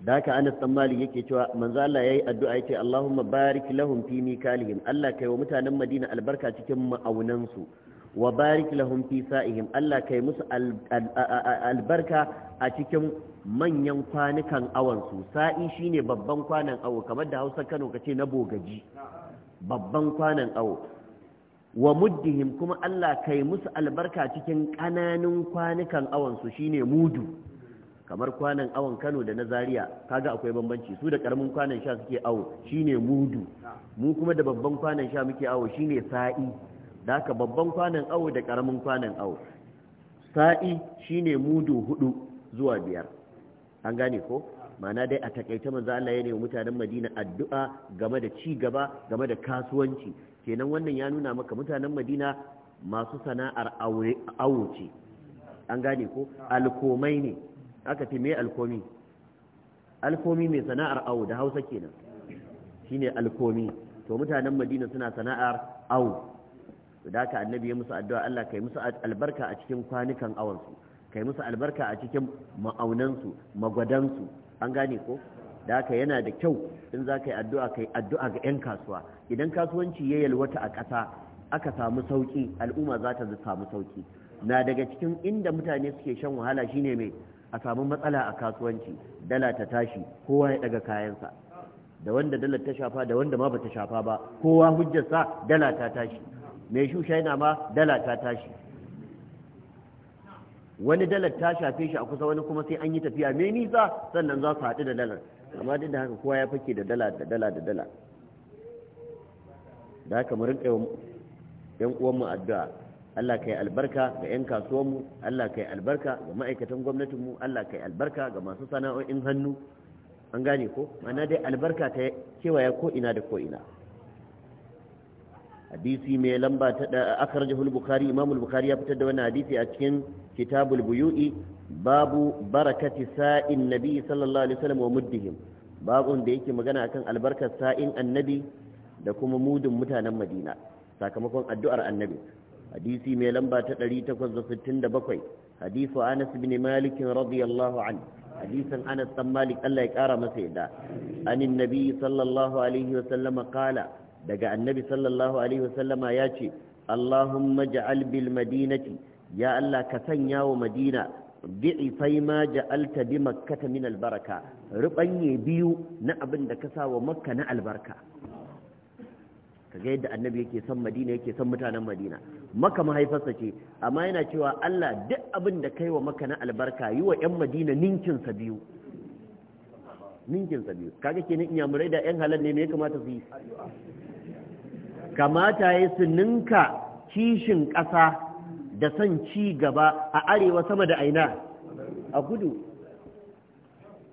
da haka Anas dan Malik yake cewa manzo Allah yayi addu'a yake Allahumma barik lahum fi mikalihim Allah kai wa mutanen Madina albarka cikin ma'aunan su wa barik lahum fi sa'ihim Allah kai musu albarka a cikin manyan kwanukan awan su sa'i shine babban kwanan awo kamar da Hausa Kano kace na bogaji babban kwanan awo wa muddihim kuma Allah kai musu albarka cikin kananun kwanukan awan su shine mudu kamar kwanan awon Kano da na Zaria kaga akwai bambanci su da karamin kwanan sha suke awo shine mudu mu kuma da babban kwanan sha muke awo shine sa'i da haka babban kwanan awo da karamin kwanan awo sa'i shine mudu hudu zuwa biyar an gane ko ma'ana dai a takaita manzo Allah ya ne mutanen Madina addu'a game da ci gaba game da kasuwanci kenan wannan ya nuna maka mutanen Madina masu sana'ar aure awo ce an gane ko alkomai ne aka ce me alkomi alkomi mai sana'ar awo da Hausa kenan shine alkomi to mutanen Madina suna sana'ar awo to da haka annabi ya musu addu'a Allah kai musu albarka a cikin kwanukan awansu kai musu albarka a cikin ma'aunansu magwadansu an gane ko da haka yana da kyau in za ka yi addu'a kai addu'a ga 'yan kasuwa idan kasuwanci ya yalwata a ƙasa aka samu sauƙi al'umma za ta samu sauƙi na daga cikin inda mutane suke shan wahala shine mai a samu matsala a kasuwanci dala ta tashi kowa ya daga kayansa da wanda dala ta shafa da wanda ma ba ta shafa ba kowa hujjarsa dala ta tashi mai shusha yana ma dala ta tashi wani dalar ta shafe shi a kusa wani kuma sai an yi tafiya mai nisa sannan za su haɗu da dala amma duk da haka kowa ya fake da dala da dala da dala da haka mu rinƙa yan uwanmu addu'a Allah ka yi albarka ga 'yan kasuwanmu Allah ka yi albarka ga ma'aikatan gwamnatinmu Allah ka yi albarka ga masu sana'o'in hannu an gane ko ma'ana dai albarka ta kewaya ko ina da ko ina hadisi mai lamba ta da akhrajahu al-bukhari imam al ya fitar da wani hadisi a cikin kitabul buyu'i babu barakati sa'in nabi sallallahu alaihi wasallam wa muddihim babun da yake magana akan albarkar sa'in annabi da kuma mudun mutanen madina sakamakon addu'ar annabi hadisi mai lamba ta 867 hadisu anas bin malik radiyallahu anhu hadisin anas dan malik Allah ya kara masa yadda anin nabi sallallahu alaihi wasallam qala daga annabi sallallahu alaihi wasallama ya ce Allahumma ja'al bil madinati ya Allah ka sanya wa madina bi'ifai ma ja'alta bi makkata min albaraka rubanye biyu na abin da ka sa wa makka na albarka Ka ga yadda annabi yake son madina yake son mutanen madina maka mahaifarsa ce amma yana cewa Allah duk abin da kai wa Makka na albarka yi wa 'yan madina ninkinsa biyu ninkinsa biyu kaga kenan inyamurai da 'yan halal ne me ya kamata su yi kamata ya su ninka kishin ƙasa da son ci gaba a arewa sama da aina a kudu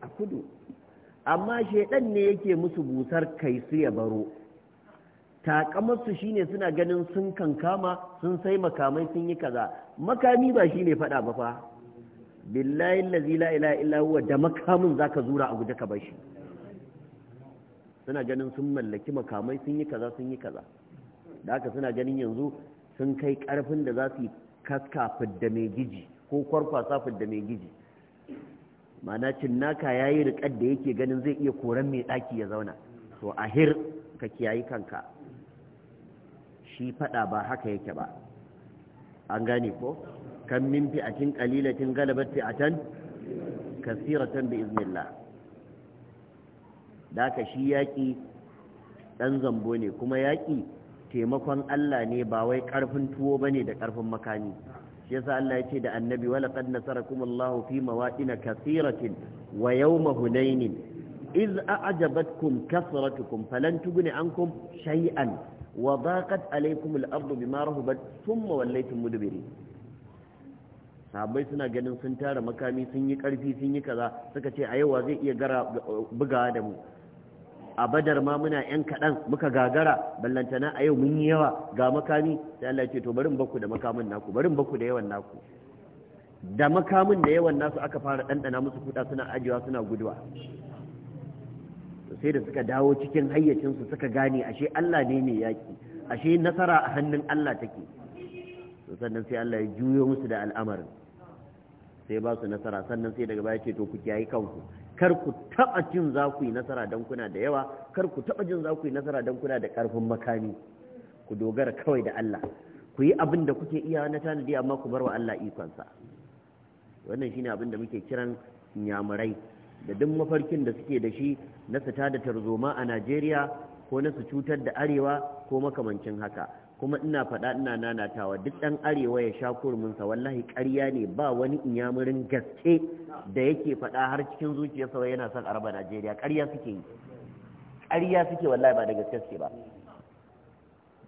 a kudu amma shaidan ne yake musu busar kai su ya baro takamarsu shine suna ganin sun kankama sun sai makamai sun yi kaza makami ba shine fada ba fa billahi allazi la ilaha illa huwa da makamin zaka zura a guje ka bashi suna ganin sun mallaki makamai sun yi kaza sun yi kaza da haka suna ganin yanzu sun kai karfin da za su yi kaska fidda mai giji ko kwarkwasa fidda mai giji mana cinnaka ya yi riƙar da yake ganin zai iya koran mai ɗaki ya zauna to a hir ka kiyayi kanka shi faɗa ba haka yake ba an gane ko kan min fi'atin qalilatin a fi'atan kasiratan bi iznillah da ka shi yaƙi ɗan zambo ne kuma yaƙi taimakon Allah ne ba wai karfin tuwo bane da karfin makami shi yasa Allah ya ce da annabi wala qad nasarakumullahu fi mawaqin kathiratin wa yawma hunain iz a'jabatkum kasratukum falan tughni ankum shay'an wa daqat alaykum al-ardu bima rahabat thumma wallaytum mudbirin sahabbai suna ganin sun tara makami sun yi karfi sun yi kaza suka ce a yau zai iya gara bugawa da mu a badar ma muna yan kaɗan muka gagara ballantana a yau mun yi yawa ga makami sai Allah ce to barin baku da makamin naku barin baku da yawan naku da makamin da yawan nasu aka fara ɗanɗana musu kuɗa suna ajiyewa suna guduwa sai da suka dawo cikin hayyacinsu suka gane ashe Allah ne mai yaƙi ashe nasara a hannun Allah take sannan sai Allah ya juyo musu da al'amarin sai ba su nasara sannan sai daga baya ce to ku kiyaye kanku kar ku taɓa jin za ku yi nasara don kuna da yawa kar ku taɓa jin za ku yi nasara don kuna da ƙarfin makami ku dogara kawai da Allah ku yi abin da kuke iya na tanadi amma ku bar wa Allah ikonsa wannan shine abin da muke kiran nyamurai da duk mafarkin da suke da shi na su tada tarzoma a Najeriya ko na su cutar da arewa ko makamancin haka kuma ina faɗa ina nanatawa duk ɗan arewa ya sha kurminsa wallahi ƙarya ne ba wani inyamurin gaske da yake faɗa har cikin zuciyarsa wai yana son araba Najeriya ƙarya suke yi ƙarya suke wallahi ba da gaske suke ba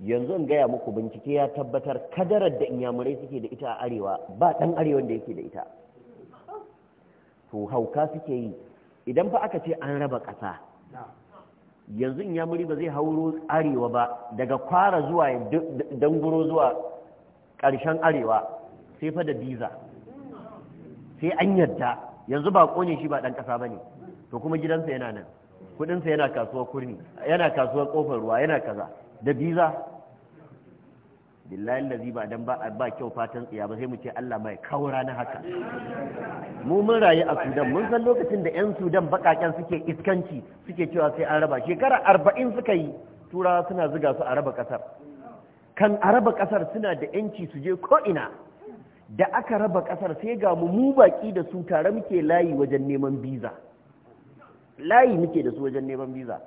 yanzu in gaya muku bincike ya tabbatar kadarar da inyamurai suke da ita a arewa ba ɗan arewa da yake da ita to hauka suke yi idan fa aka ce an raba ƙasa yanzu ya muri ba zai hauro arewa ba daga kwara zuwa danguro zuwa ƙarshen arewa sai fa da biza sai an yadda yanzu ba ƙone shi ba ɗan ƙasa ba ne to kuma gidansa yana nan kudinsa yana kasuwar kurni yana kasuwar ƙofar ruwa yana kaza da biza billahi lazi ba dan ba ba kyau fatan tsiya ba sai mu ce Allah mai kawo rana haka mu mun rayu a Sudan mun san lokacin da yan Sudan bakaken suke iskanci suke cewa sai an raba shekara arba'in suka yi turawa suna zuga su a raba kasar kan araba raba kasar suna da yanci su je ko ina da aka raba kasar sai ga mu mu baki da su tare muke layi wajen neman biza layi muke da su wajen neman biza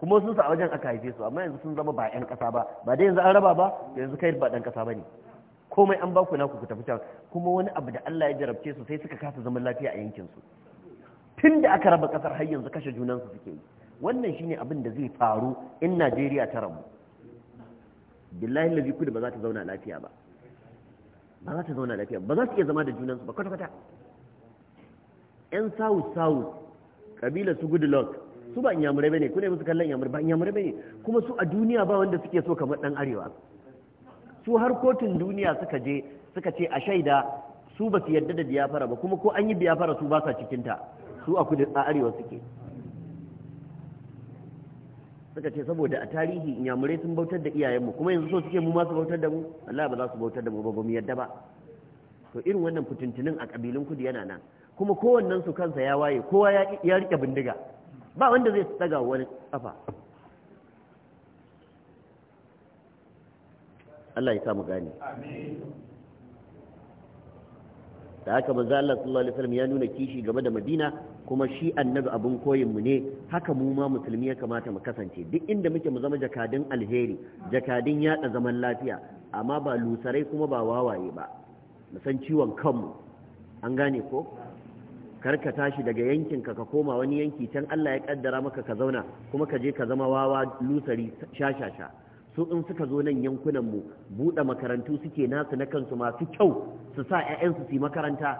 kuma sun sa a wajen aka haife su amma yanzu sun zama ba 'yan ƙasa ba ba dai yanzu an raba ba yanzu kai ba ɗan ƙasa ba ne komai an baku naku ku tafi can kuma wani abu da Allah ya jarabce su sai suka kasa zaman lafiya a yankin su tun da aka raba ƙasar har yanzu kashe junan su suke yi wannan shine abin da zai faru in Najeriya ta rabu billahi lazi kudu ba za ta zauna lafiya ba ba za ta zauna lafiya ba za su iya zama da junan su ba kwata kwata yan south south kabila su good luck su ba inyamurai bane ku ne musu kallon inyamurai ba inyamurai bane kuma su a duniya ba wanda suke so kamar dan arewa su har kotun duniya suka je suka ce a shaida su ba su yarda da biyafara ba kuma ko an yi biyafara su ba sa cikinta su a kudu a arewa suke suka ce saboda a tarihi inyamurai sun bautar da iyayenmu kuma yanzu so suke mu ma su bautar da mu Allah ba za su bautar da mu ba ba mu yarda ba to irin wannan fitintunin a kabilun kudu yana nan kuma kowannen su kansa ya waye kowa ya rike bindiga ba wanda zai tsaga wani kafa Allah ya samu gane da haka maza Allah sallallahu alaihi ya nuna kishi game da Madina kuma shi annabi abin koyin mu ne haka mu ma musulmi ya kamata mu kasance duk inda muke mu zama jakadin alheri jakadin yada zaman lafiya amma ba lusarai kuma ba wawaye ba mu san ciwon kanmu an gane ko Karka tashi daga yankin ka ka koma wani yanki can Allah ya kaddara maka ka zauna kuma ka je ka zama wawa lusari shashasha su in suka zo nan yankunan mu buɗe makarantu suke nasu na kansu masu kyau su sa 'ya'yansu su yi makaranta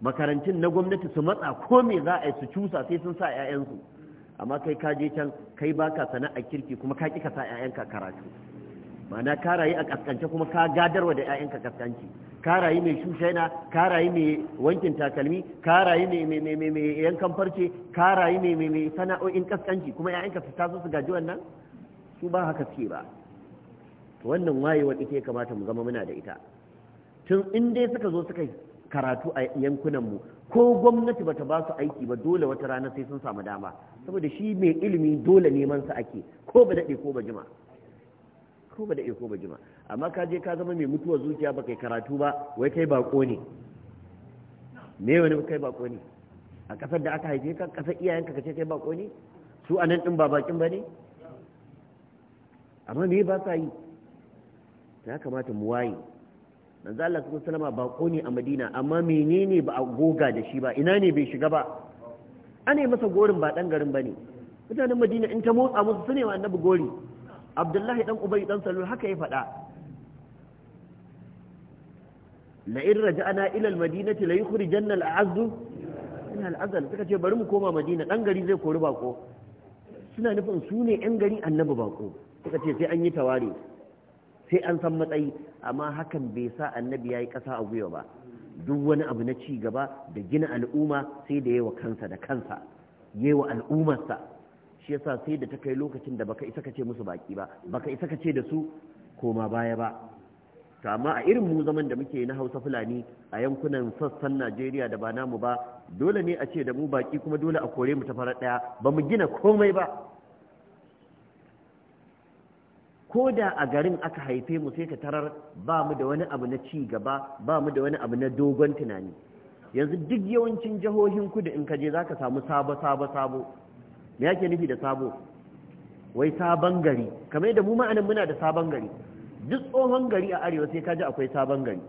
makarantun na gwamnati su matsa ko me za a yi su cusa sai sun sa 'ya'yansu amma kai ka je can kai baka sana'a kirki kuma ka ki ka sa 'ya'yanka karatu ma'ana ka rayu a kaskance kuma ka gadarwa da 'ya'yanka kaskanci karayi mai shushaina karayi mai wankin takalmi karayi mai mai yankan farce ka rayu mai sana'o'in kaskanci kuma ya su taso su gaji wannan su ba haka suke ba wannan wayewar ita ya kamata mu gama muna da ita tun in dai suka zo suka karatu a yankunan mu ko gwamnati bata ba su aiki ba dole wata rana sai sun samu dama saboda shi mai ilimi dole neman sa ake ko ba daɗe ko ba jima ko ba daɗe ko ba jima amma ka je ka zama mai mutuwa zuciya ba kai karatu ba wai kai bako ne me wani kai bako ne a kasar da aka haife ka kasar iyayenka ka ce kai bako ne su anan din ba bakin ba ne amma me ba sa yi ya kamata mu waye dan Allah su sallama bako ne a Madina amma menene ba a goga da shi ba ina ne bai shiga ba ana masa gorin ba dan garin bane mutanen Madina in ta motsa musu sunewa annabi gori Abdullahi dan Ubay dan Salul haka ya faɗa la in raja'ana ilal madinati la yukhrijanna al-azzu min suka ce bari mu koma madina dan gari zai kori bako suna nufin su ne yan gari annabi bako suka ce sai an yi tawari sai an san matsayi amma hakan bai sa annabi yayi kasa a gwiwa ba duk wani abu na ci gaba da gina al'umma sai da yawa kansa da kansa yawa al'ummarsa shi yasa sai da ta kai lokacin da baka isa ka ce musu baki ba baka isa ka ce da su koma baya ba kama a irin mu zaman da muke na hausa fulani a yankunan sassan najeriya da ba namu ba dole ne a ce da mu baki kuma dole a kore mu ta farar daya ba mu gina komai ba ko da a garin aka haife mu sai ka tarar ba mu da wani abu na ci gaba ba mu da wani abu na dogon tunani yanzu duk yawancin jihohin kudu in ka je za ka samu sabo sabo sabo me yake nufi da sabo wai sabon gari kamar yadda mu ma'anin muna da sabon gari duk tsohon gari a arewa sai kaji akwai sabon gari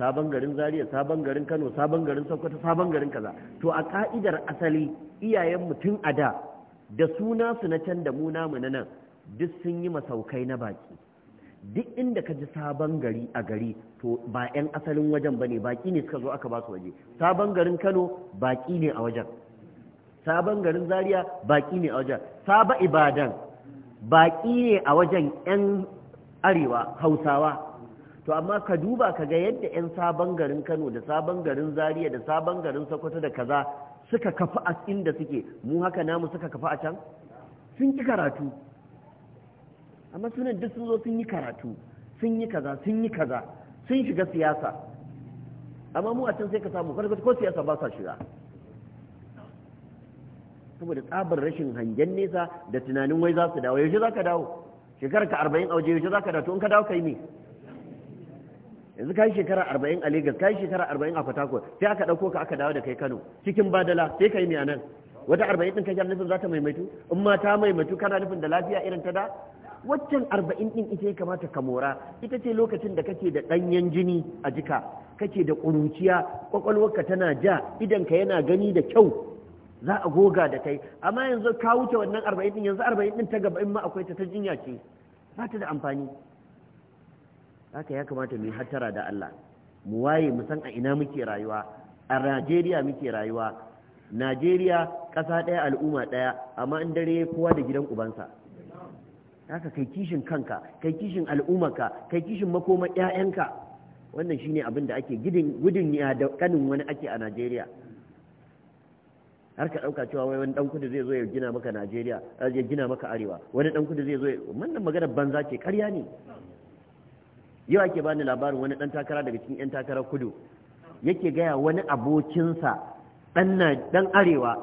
sabon garin zaria sabon garin kano sabon garin sokoto sabon garin kaza to a ka'idar asali iyayen mutum a da da suna su na can da mu namu na nan duk sun yi masaukai na baki duk inda ka ji sabon gari a gari to ba 'yan asalin wajen ba ne baki ne suka zo aka ba su waje sabon garin kano baki ne a wajen sabon garin zaria baki ne a wajen Saba ibadan baki ne a wajen 'yan arewa hausawa to amma ka duba ka ga yadda 'yan sabon garin kano da sabon garin zaria da sabon garin sokoto da kaza suka kafa a inda suke mu haka namu suka kafa a can sun yi karatu amma sunan duk sun zo sun yi karatu sun yi kaza sun yi kaza sun shiga siyasa amma mu a can sai ka samu kwata ko siyasa ba sa shiga saboda tsabar rashin hangen nesa da tunanin wai za su dawo yaushe za ka dawo shekarar ka arba'in a waje yau za ka dato in ka dawo ka yi ne. yanzu ka yi shekara arba'in a Legas ka yi shekara arba'in a Fatakwal sai aka ɗauko ka aka dawo da kai Kano cikin badala sai ka yi ne a nan wata arba'in ɗin kake nufin za ta maimaitu in ma ta maimaitu kana nufin da lafiya irin ta da waccan arba'in ɗin ita ya kamata ka mora ita ce lokacin da kake da ɗanyen jini a jika kake da ƙuruciya ƙwaƙwalwarka tana ja idan ka yana gani da kyau za a goga da kai amma yanzu ka wuce wannan arba'in din yanzu arba'in din ta gaba in ma akwai ta ta jinya ce ba ta da amfani haka ya kamata mu hattara da Allah mu waye mu san a ina muke rayuwa a Najeriya muke rayuwa Najeriya ƙasa ɗaya al'umma ɗaya amma in dare kowa da gidan ubansa haka kai kishin kanka kai kishin al'ummarka kai kishin makoma 'ya'yanka wannan shine abin da ake gudun ya da kanin wani ake a Najeriya har ka ɗauka cewa wai wani ɗan kudu zai zo ya gina maka Najeriya ya gina maka Arewa wani ɗan kudu zai zo ya wannan magana banza ce ƙarya ne yau ake bani labarin wani ɗan takara daga cikin 'yan takara kudu yake gaya wani abokinsa ɗan arewa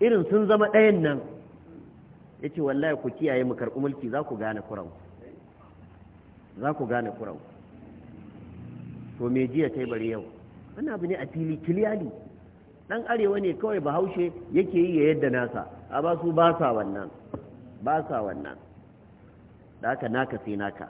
irin sun zama ɗayan nan ya ce wallahi ku kiyaye mu karɓi mulki za ku gane kuran za ku gane kuran to me jiya ta yi bari yau wani abu ne a fili kiliyali dan arewa ne kawai bahaushe yake yi ya yadda nasa a ba su ba sa wannan ba sa wannan da aka naka sai naka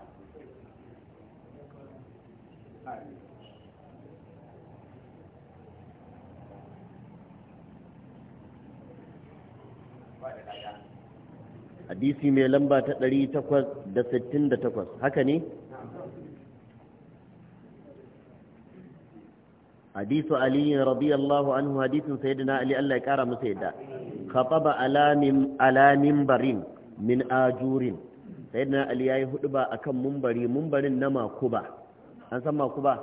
hadisi mai lamba ta 868 haka ne hadithu ali radiyallahu anhu hadithin sayyidina ali Allah ya kara masa yadda khataba alamin alamin barin min ajurin sayyidina ali yayi huduba akan mumbari mumbarin na makuba an san makuba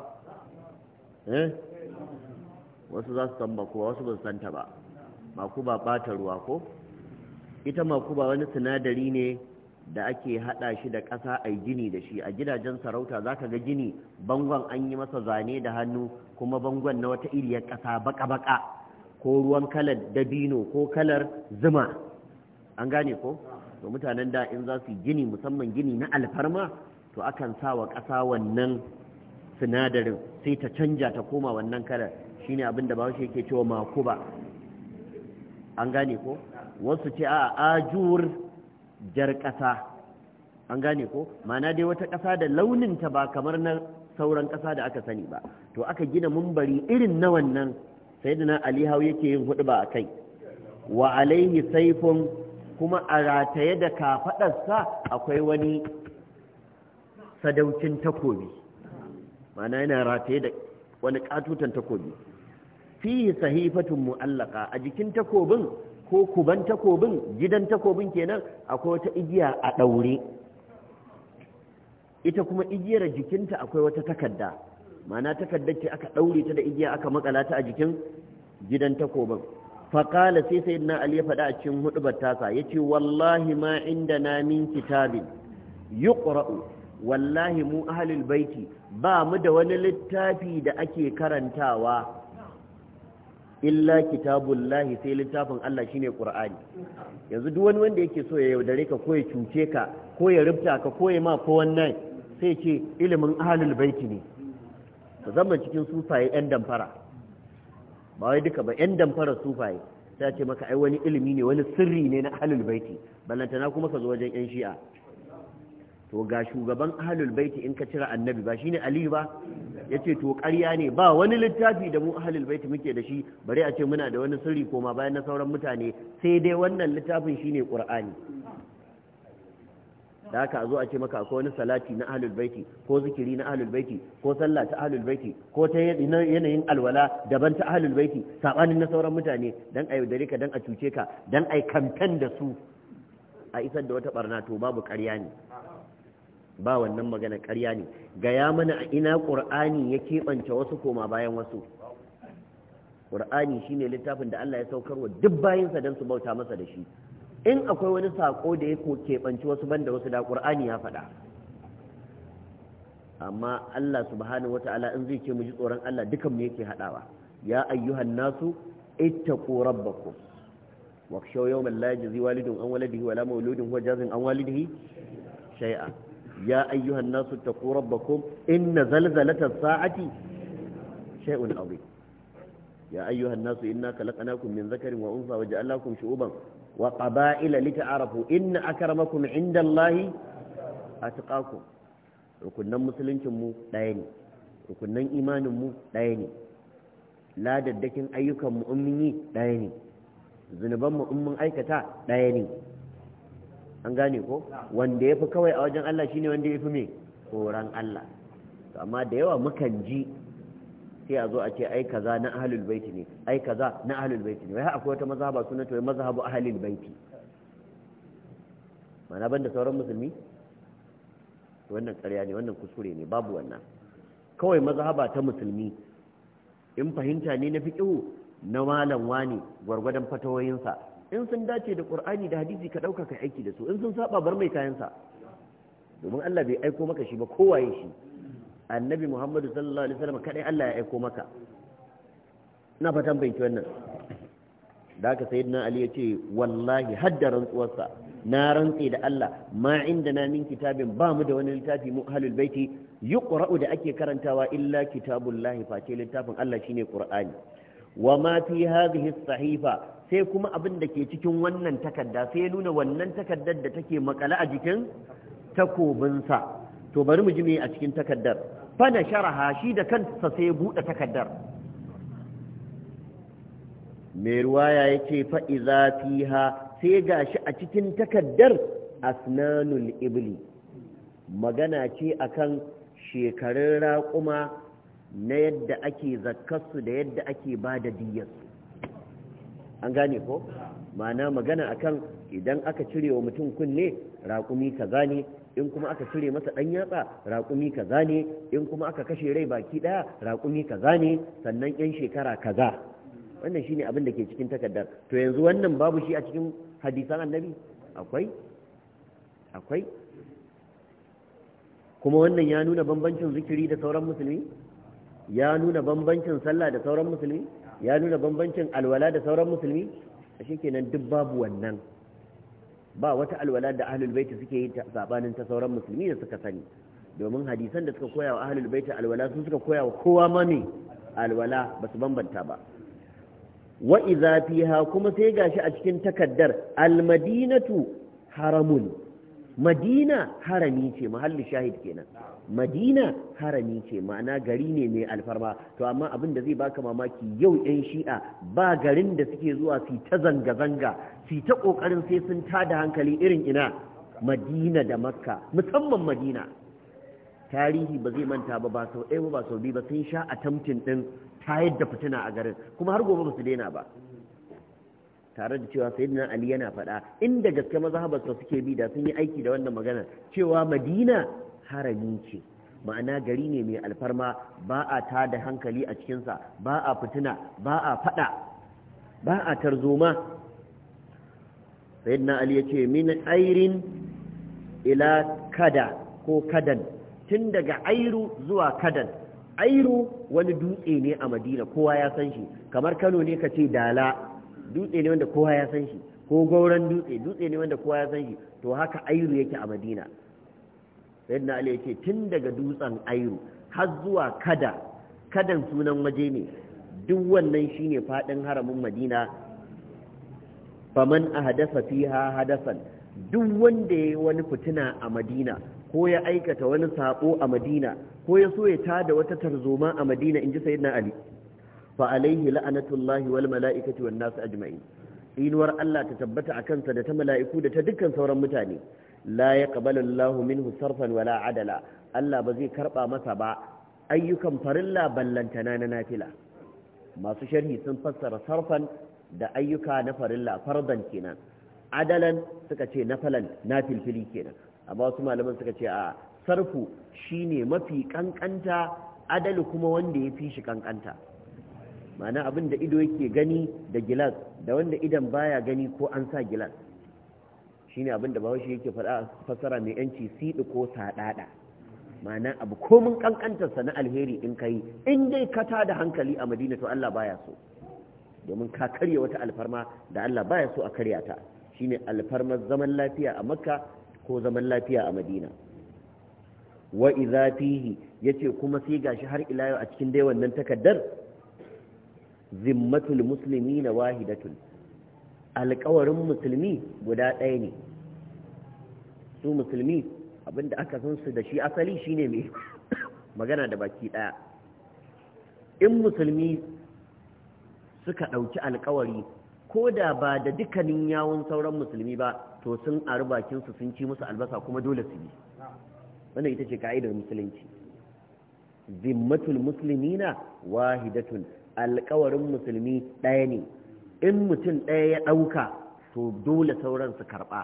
eh wasu za su san makuba wasu ba su san ta ba makuba bata ruwa ko ita makuba wani sinadari ne da ake haɗa shi da ƙasa a gini da shi a gidajen sarauta za ka ga gini bangon an yi masa zane da hannu kuma bangon na wata iriyar ƙasa baka-baka ko ruwan kalar dabino ko kalar zuma an gane ko to mutanen da in za su gini musamman gini na alfarma to akan sa wa ƙasa wannan sinadarin sai ta canja ta koma wannan kalar shine abin da bahaushe yake cewa makuba an gane ko wasu ce a ajur jar ƙasa an gane ko mana dai wata ƙasa da launinta ba kamar na sauran ƙasa da aka sani ba to aka gina mumbari irin na wannan sayyidina ali hau yake yin hudu ba a kai wa alaihi saifun kuma a rataye da kafaɗarsa akwai wani sadaucin takobi mana yana rataye da wani katutan takobi fi sahifatun mu'allaka a jikin takobin ko kuban takobin gidan takobin kenan akwai wata igiya a ɗaure ita kuma igiyar jikinta akwai wata takarda Ma'ana takardar ce aka ɗaure ta da igiya aka makala ta a jikin gidan takobin faƙala sai sai na ali ya faɗa a cikin hudubar tasa ya ce wallahi ma inda na min kitabin yuqra'u wallahi mu ahlul baiti ba mu da wani littafi da ake karantawa illa kitabullahi sai littafin Allah shine Qur'ani yanzu duk wani wanda yake so ya yaudare ka ko ya cuce ka ko ya rubta ka ko ya ma ko wannan sai ce ilimin ahlul baiti ne zama cikin sufaye yan damfara ba wai duka ba yan damfara sufaye sai ce maka ai wani ilimi ne wani sirri ne na ahlul baiti ballantana kuma ka zo wajen yan shi'a to ga shugaban ahlul baiti in ka cira annabi ba shine aliyu ba yace to ƙarya ne ba wani littafi da mu ahlul baiti muke da shi bare a ce muna da wani sirri koma bayan na sauran mutane sai dai wannan littafin shine qur'ani da haka a zo a ce maka akwai wani salati na ahlul baiti ko zikiri na ahlul baiti ko sallah ta ahlul baiti ko ta yanayin alwala daban ta ahlul baiti sabanin na sauran mutane dan a dare ka dan a cuce ka dan ai kamfen da su a isar da wata barna to babu ƙarya ne ba wannan magana ƙarya ne gaya mana a ina ƙur'ani ya keɓance wasu koma bayan wasu ƙur'ani ne littafin da Allah ya saukar wa duk bayansa don su bauta masa da shi in akwai wani saƙo da ya keɓanci wasu banda wasu da ƙur'ani ya faɗa amma Allah subhanahu wa ta'ala in zai ce mu ji tsoron Allah dukan mu yake haɗawa ya ayyuhan nasu ittaqu rabbakum واخشوا يوما لا يجزي والد عن ولده ولا mawludun huwa jazin an walidihi shay'an يا أيها الناس اتقوا ربكم إن زلزلة الساعة شيء عظيم يا أيها الناس إنا خلقناكم من ذكر وأنثى وجعلناكم شعوبا وقبائل لتعرفوا إن أكرمكم عند الله أتقاكم rukunan musuluncinmu ɗaya دايني rukunan إيمان مو دايني لا ayyukanmu أيكم mun دايني زنبا مؤمن أيكتا دايني an gane ko wanda ya fi kawai a wajen Allah shine wanda ya fi me tsoron Allah amma da yawa mukan ji sai a zo a ce ai kaza na ahlul baiti ne ai kaza na ahlul baiti ne wai akwai wata mazhaba suna wai mazhabu ahlul baiti mana banda sauran musulmi wannan ƙarya ne wannan kuskure ne babu wannan kawai mazhaba ta musulmi in fahimta ne na fiqhu na malam wani gwargwadon fatawoyinsa in sun dace da qur'ani da hadisi ka ɗauka ka aiki da su in sun saba bar mai kayansa domin Allah bai aiko maka shi ba kowaye shi annabi Muhammadu sallallahu alaihi wasallam kadai Allah ya aiko maka ina fatan bai wannan da sai sayyidina Ali ya ce wallahi hadda rantsuwarsa na rantse da Allah ma inda na min kitabin ba mu da wani littafi mu halul baiti yuqra'u da ake karantawa illa kitabullahi face littafin Allah shine Qur'ani wa ma fi hadhihi sahifa sai kuma abin da ke cikin wannan takarda sai ya nuna wannan takardar da take makale a jikin takobinsa to bari mu ji me a cikin takardar fa na sharaha shi da kansa sai ya buɗe takardar mai ruwaya ya ce fa'iza fiha sai ga shi a cikin takardar asnanul ibli magana ce akan shekarun raƙuma na yadda ake zakkarsu da yadda ake ba da diyarsu an gane ko ma'ana magana akan idan aka cire wa mutum kunne raƙumi kaza ne in kuma aka cire masa ɗan yatsa raƙumi kaza ne in kuma aka kashe rai baki ɗaya raƙumi kaza ne sannan yan shekara kaza wannan shine abin da ke cikin takardar to yanzu wannan babu shi a cikin hadisan annabi akwai akwai kuma wannan ya nuna bambancin zikiri da sauran musulmi ya nuna bambancin sallah da sauran musulmi ya nuna bambancin alwala da sauran musulmi a kenan duk babu wannan ba wata alwala da ahlul baiti suke yi sabanin ta sauran musulmi da suka sani domin hadisan da suka koya wa ahlul baiti alwala sun suka koya wa kowa ma ne alwala ba su bambanta ba wa fiha kuma sai gashi a cikin takaddar almadinatu haramun madina harami ce mahalli shahid kenan madina harami ce ma'ana gari ne mai alfarma to amma abin da zai baka mamaki yau yan shi'a ba garin da suke zuwa su ta zanga-zanga su ta kokarin sai sun tada hankali irin ina madina da makka musamman madina tarihi ba zai manta ba ba sau ɗaya ba sau biyu ba sun sha a tamtin ɗin tayar da fitina a garin kuma har gobe ba su daina ba tare da cewa sayyidina ali yana faɗa inda gaske mazhabarsa suke bi da sun yi aiki da wannan magana cewa madina harami ce ma'ana gari ne mai alfarma ba a ta da hankali a cikinsa ba a fitina ba a faɗa ba a tarzoma sayyidina ali ya ce min airin ila kada ko kadan tun daga airu zuwa kadan airu wani dutse ne a madina kowa ya san shi kamar kano ne ka ce dala dutse ne wanda kowa ya san shi ko gauran dutse dutse ne wanda kowa ya san shi to haka airu yake a madina na ali ya tun daga dutsen airu har zuwa kada kadan sunan waje ne duk wannan shine fadin haramin madina faman ahdasa fiha hadasan duk wanda yayi wani fitina a madina ko ya aikata wani sako a madina ko ya so ya tada wata tarzoma a madina inji sayyidina ali fa alaihi la'anatullahi wal mala'ikati wan nas ajma'in inuwar Allah ta tabbata a kansa da ta mala'iku da ta dukkan sauran mutane la yaqbalu Allahu minhu sarfan wala adala Allah ba zai karɓa masa ba ayyukan farilla ballantana na nafila masu sharhi sun fassara sarfan da ayyuka na farilla fardan kenan adalan suka ce nafalan nafilfili kenan amma wasu malaman suka ce a sarfu shine mafi kankanta adalu kuma wanda ya fi shi kankanta ma'ana abin da ido yake gani da gilas da wanda idan baya gani ko an sa gilas Shi ne abin da bahaushe yake faɗa fassara mai yanci siɗi ko saɗaɗa ma'ana abu komin ƙanƙantarsa na alheri in ka yi in dai ka ta da hankali a madina to allah baya so domin ka karya wata alfarma da allah baya so a karya ta ne alfarmar zaman lafiya a makka ko zaman lafiya a madina wa iza fihi yace kuma sai gashi har ila a cikin dai wannan takaddar zimmatul musulmi na wahidatul. alkawarin musulmi guda ɗaya ne su musulmi abinda aka san su da shi asali shine mai magana da baki ɗaya in musulmi suka ɗauki alkawari ko da ba da dukkanin yawon sauran musulmi ba to sun ari bakinsu sun ci musu albasa kuma dole su yi wannan ita ce ka'idar musulunci zimmatul musulmi na wahidatul. alkawarin musulmi ɗaya ne in mutum ɗaya ya ɗauka to dole sauran su karɓa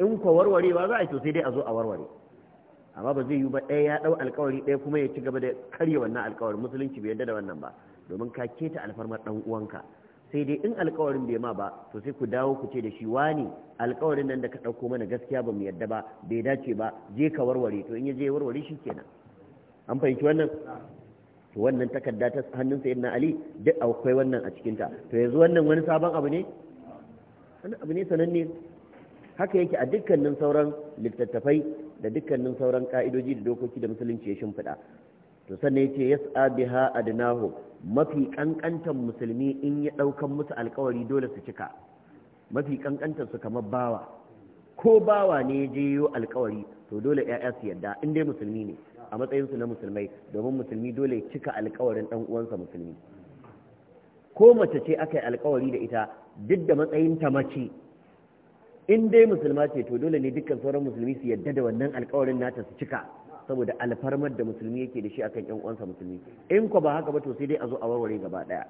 in kwa warwarewa za a yi to dai a zo a warware amma ba zai yi ba ɗaya ya ɗau alkawari ɗaya kuma ya ci gaba da karya wannan alkawari musulunci bai yarda da wannan ba domin ka keta alfarmar ɗan uwanka sai dai in alkawarin bai ma ba to sai ku dawo ku ce da shi wani alkawarin nan da ka ɗauko mana gaskiya ba mu yarda ba bai dace ba je ka warware to in ya je warware shi kenan an fahimci wannan to wannan takarda ta hannun sayyidina ali duk akwai wannan a cikinta to yanzu wannan wani sabon abu ne wani abu ne sananne haka yake a dukkanin sauran littattafai da dukkanin sauran ka'idoji da dokoki da musulunci ya shimfiɗa to sannan yace yas'a biha adnahu mafi kankantan musulmi in ya daukan musu alkawari dole su cika mafi kankantan su kamar bawa ko bawa ne je yo alkawari to dole ƴaƴa su yadda in dai musulmi ne a su na musulmai domin musulmi dole ya cika alkawarin ɗan uwansa musulmi ko mace ce aka yi alkawari da ita duk da matsayin ta mace in dai musulma ce to dole ne dukkan sauran musulmi su yadda da wannan alkawarin nata su cika saboda alfarmar da musulmi yake da shi akan ƴan uwansa musulmi in ko ba haka ba to sai dai a zo a warware gaba daya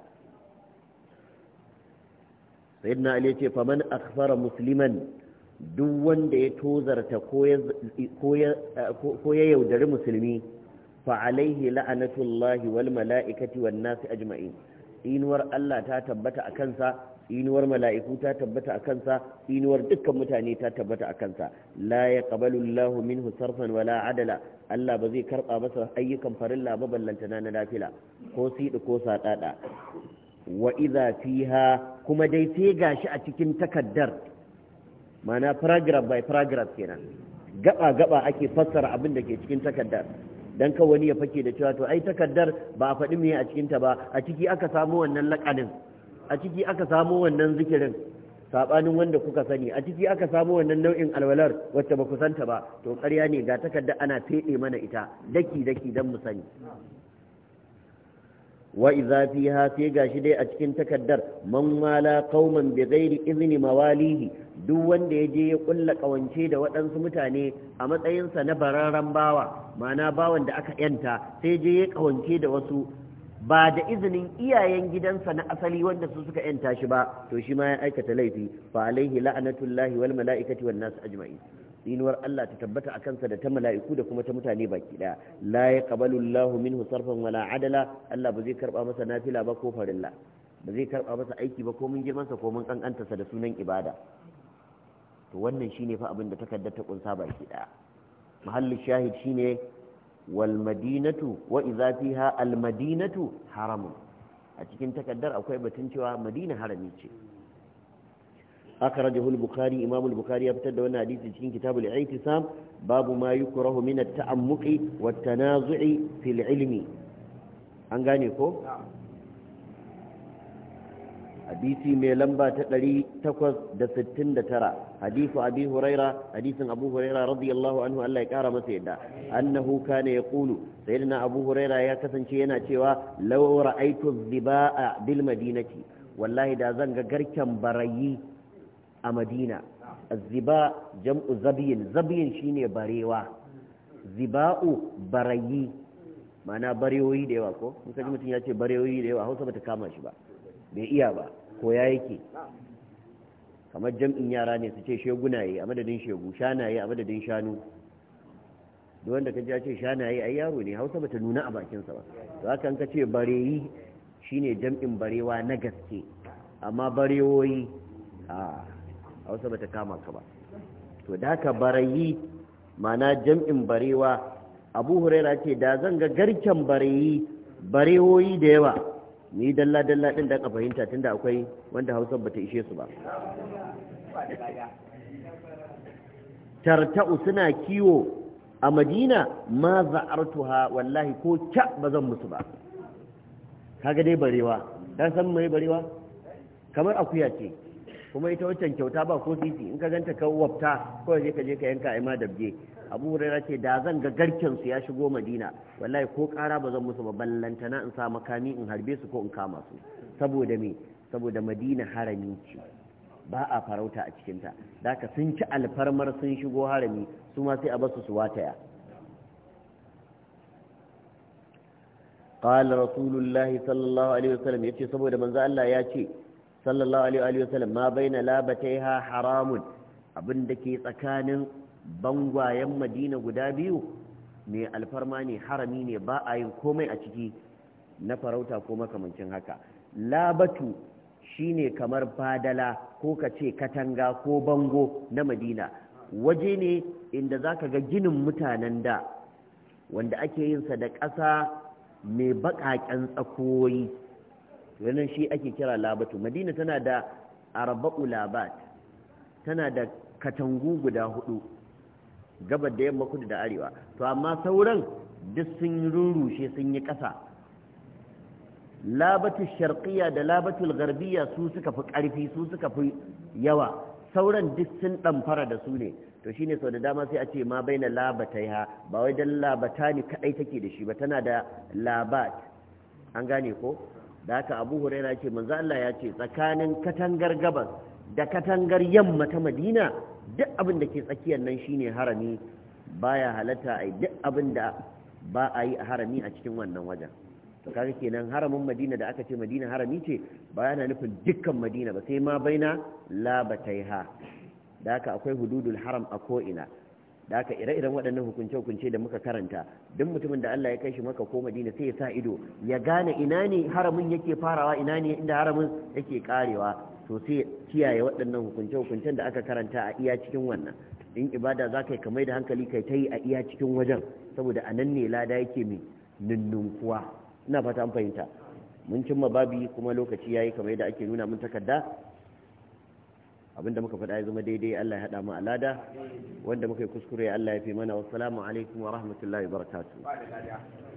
sayyidina ali ya ce faman akhsara musliman duk wanda ya tozarta ko ya yaudari musulmi fa alaihi la'anatullahi wal mala'ikati wan nasi ajma'in inuwar Allah ta tabbata a kansa inuwar mala'iku ta tabbata a kansa inuwar dukkan mutane ta tabbata a kansa la yaqbalu Allahu minhu wala adala Allah ba zai karba masa ayyukan farilla ba ballantana na nafila ko siɗi ko saɗaɗa. wa idza fiha kuma dai sai gashi a cikin takaddar mana paragraph by paragraph kenan gaba gaba ake fassara abin da ke cikin takardar dan ka wani ya fake da cewa to ai takardar ba a faɗi meye a cikin ta ba a ciki aka samu wannan laƙanin a ciki aka samu wannan zikirin sabanin wanda kuka sani a ciki aka samu wannan nau'in alwalar wacce ba ku santa ba to ƙarya ne ga takardar ana feɗe mana ita daki daki dan mu sani wa iza fiha sai gashi dai a cikin takaddar man mala qauman bi ghairi izni mawalihi duk wanda ya je ya kulla kawance da waɗansu mutane a matsayinsa na bararren bawa mana bawan da aka yanta sai je ya kawance da wasu ba da izinin iyayen gidansa na asali wanda su suka yanta shi ba to shi ma ya aikata laifi fa alaihi la'natullahi wal mala'ikati wan nas ajma'in Sinuwar Allah ta tabbata a kansa da ta mala'iku da kuma ta mutane baki ɗaya. la yaqbalu Allahu min sarfan wala adala Allah ba zai karɓa masa nafila ba ko farilla ba zai karba masa aiki ba ko mun girman sa ko mun kankanta sa da sunan ibada to wannan shine fa abin da takaddar ta kunsa baki ɗaya. mahallu shahid shine wal madinatu wa idza fiha al madinatu haramun a cikin takaddar akwai batun cewa madina harami ce haka al-bukhari imam bukhari ya fitar da wannan hadisi cikin kitabul i'tisam babu ma yukrahu min at-ta'ammuqi wat-tanazu'i fil ilmi an gane ko hadisi mai lamba ta 869 hadisu abi huraira hadisin abu huraira radiyallahu anhu Allah ya kara masa yadda annahu kana yaqulu sayyidina abu huraira ya kasance yana cewa law ra'aytu dhibaa bil madinati wallahi da zan ga garken barayi a madina ziba jam'u zabiyin zabiyin shine barewa ziba'u barayi mana barewoyi da yawa ko in kaji mutum ya ce barewoyi da yawa hausa bata kama shi ba bai iya ba ko ya yake kamar jam'in yara ne su ce shegunaye a madadin shegu shanaye a madadin shanu duk wanda ka ji ya ce shanaye yi yaro ne hausa bata nuna a bakinsa ba to haka ka ce bareyi shine jam'in barewa na gaske amma barewoyi a ah. hausa bata kama ka ba to da ka barayi mana jam'in barewa abu huraira ce da zan ga garken barayi barewoyi da yawa ni dalla dalla din da ka fahimta tunda akwai wanda hausa bata ishe su ba tarta'u suna kiwo a madina ma za'artuha wallahi ko ca ba zan musu ba kaga dai barewa dan san mai barewa kamar akuya ce kuma ita wancan kyauta ba ko titi in ka ganta ka wafta ko je ka je ka yanka ai ma dabje abu huraira ce da zan ga garken su ya shigo madina wallahi ko kara ba zan musu ba ballantana in sa makami in harbe su ko in kama su saboda me saboda madina harami ce ba a farauta a cikinta da ka sun ci alfarmar sun shigo harami su ma sai a basu su wataya قال رسول الله صلى الله عليه وسلم يتي سبو دمان Allah ya sallallahu alaihi wa sallam ma baina labataiha haramun abin da ke tsakanin bangwayen madina guda biyu mai alfarma ne harami ne ba a yin komai a ciki na farauta ko makamancin haka labatu shine kamar fadala ko ka ce katanga ko bango na madina waje ne inda za ka ga ginin mutanen da wanda ake yinsa da ƙasa mai baƙaƙen tsakoyi wannan shi ake kira labatu madina tana da arba'u labat tana da katangu guda hudu gabar da yamma kudu da arewa to amma sauran duk sun rurushe sun yi ƙasa labatu sharqiyya da labatu garbiyya su suka fi ƙarfi su suka fi yawa sauran duk sun ɗamfara da su ne to shine sau da dama sai a ce ma bai na ha ba wai don labata ne kaɗai take da shi ba tana da labat an gane ko da haka abu huraira ce manzo Allah ya ce tsakanin katangar gabas da katangar yamma ta madina duk abin da ke tsakiyar nan shine harami baya halatta a duk abin da ba a yi a harami a cikin wannan wajen to kaga kenan haramin madina da aka ce madina harami ce ba yana nufin dukkan madina ba sai ma baina ha da haka akwai hududul haram a ko'ina da aka ire-iren waɗannan hukunce-hukunce da muka karanta duk mutumin da Allah ya kai shi maka ko Madina sai ya sa ido ya gane ina ne haramin yake farawa ina ne inda haramin yake karewa to sai kiyaye waɗannan hukunce-hukuncen da aka karanta a iya cikin wannan in ibada za ka yi kamar da hankali kai ta yi a iya cikin wajen saboda a nan ne lada yake mai nunnunkuwa ina fata an fahimta mun cimma babi kuma lokaci ya yi kamar da ake nuna mun takarda abinda muka faɗa ya zama daidai Allah ya haɗa mu alada wanda muka yi kuskure Allah ya fi mana wassalamu alaikum wa rahmatullahi wa barakatuh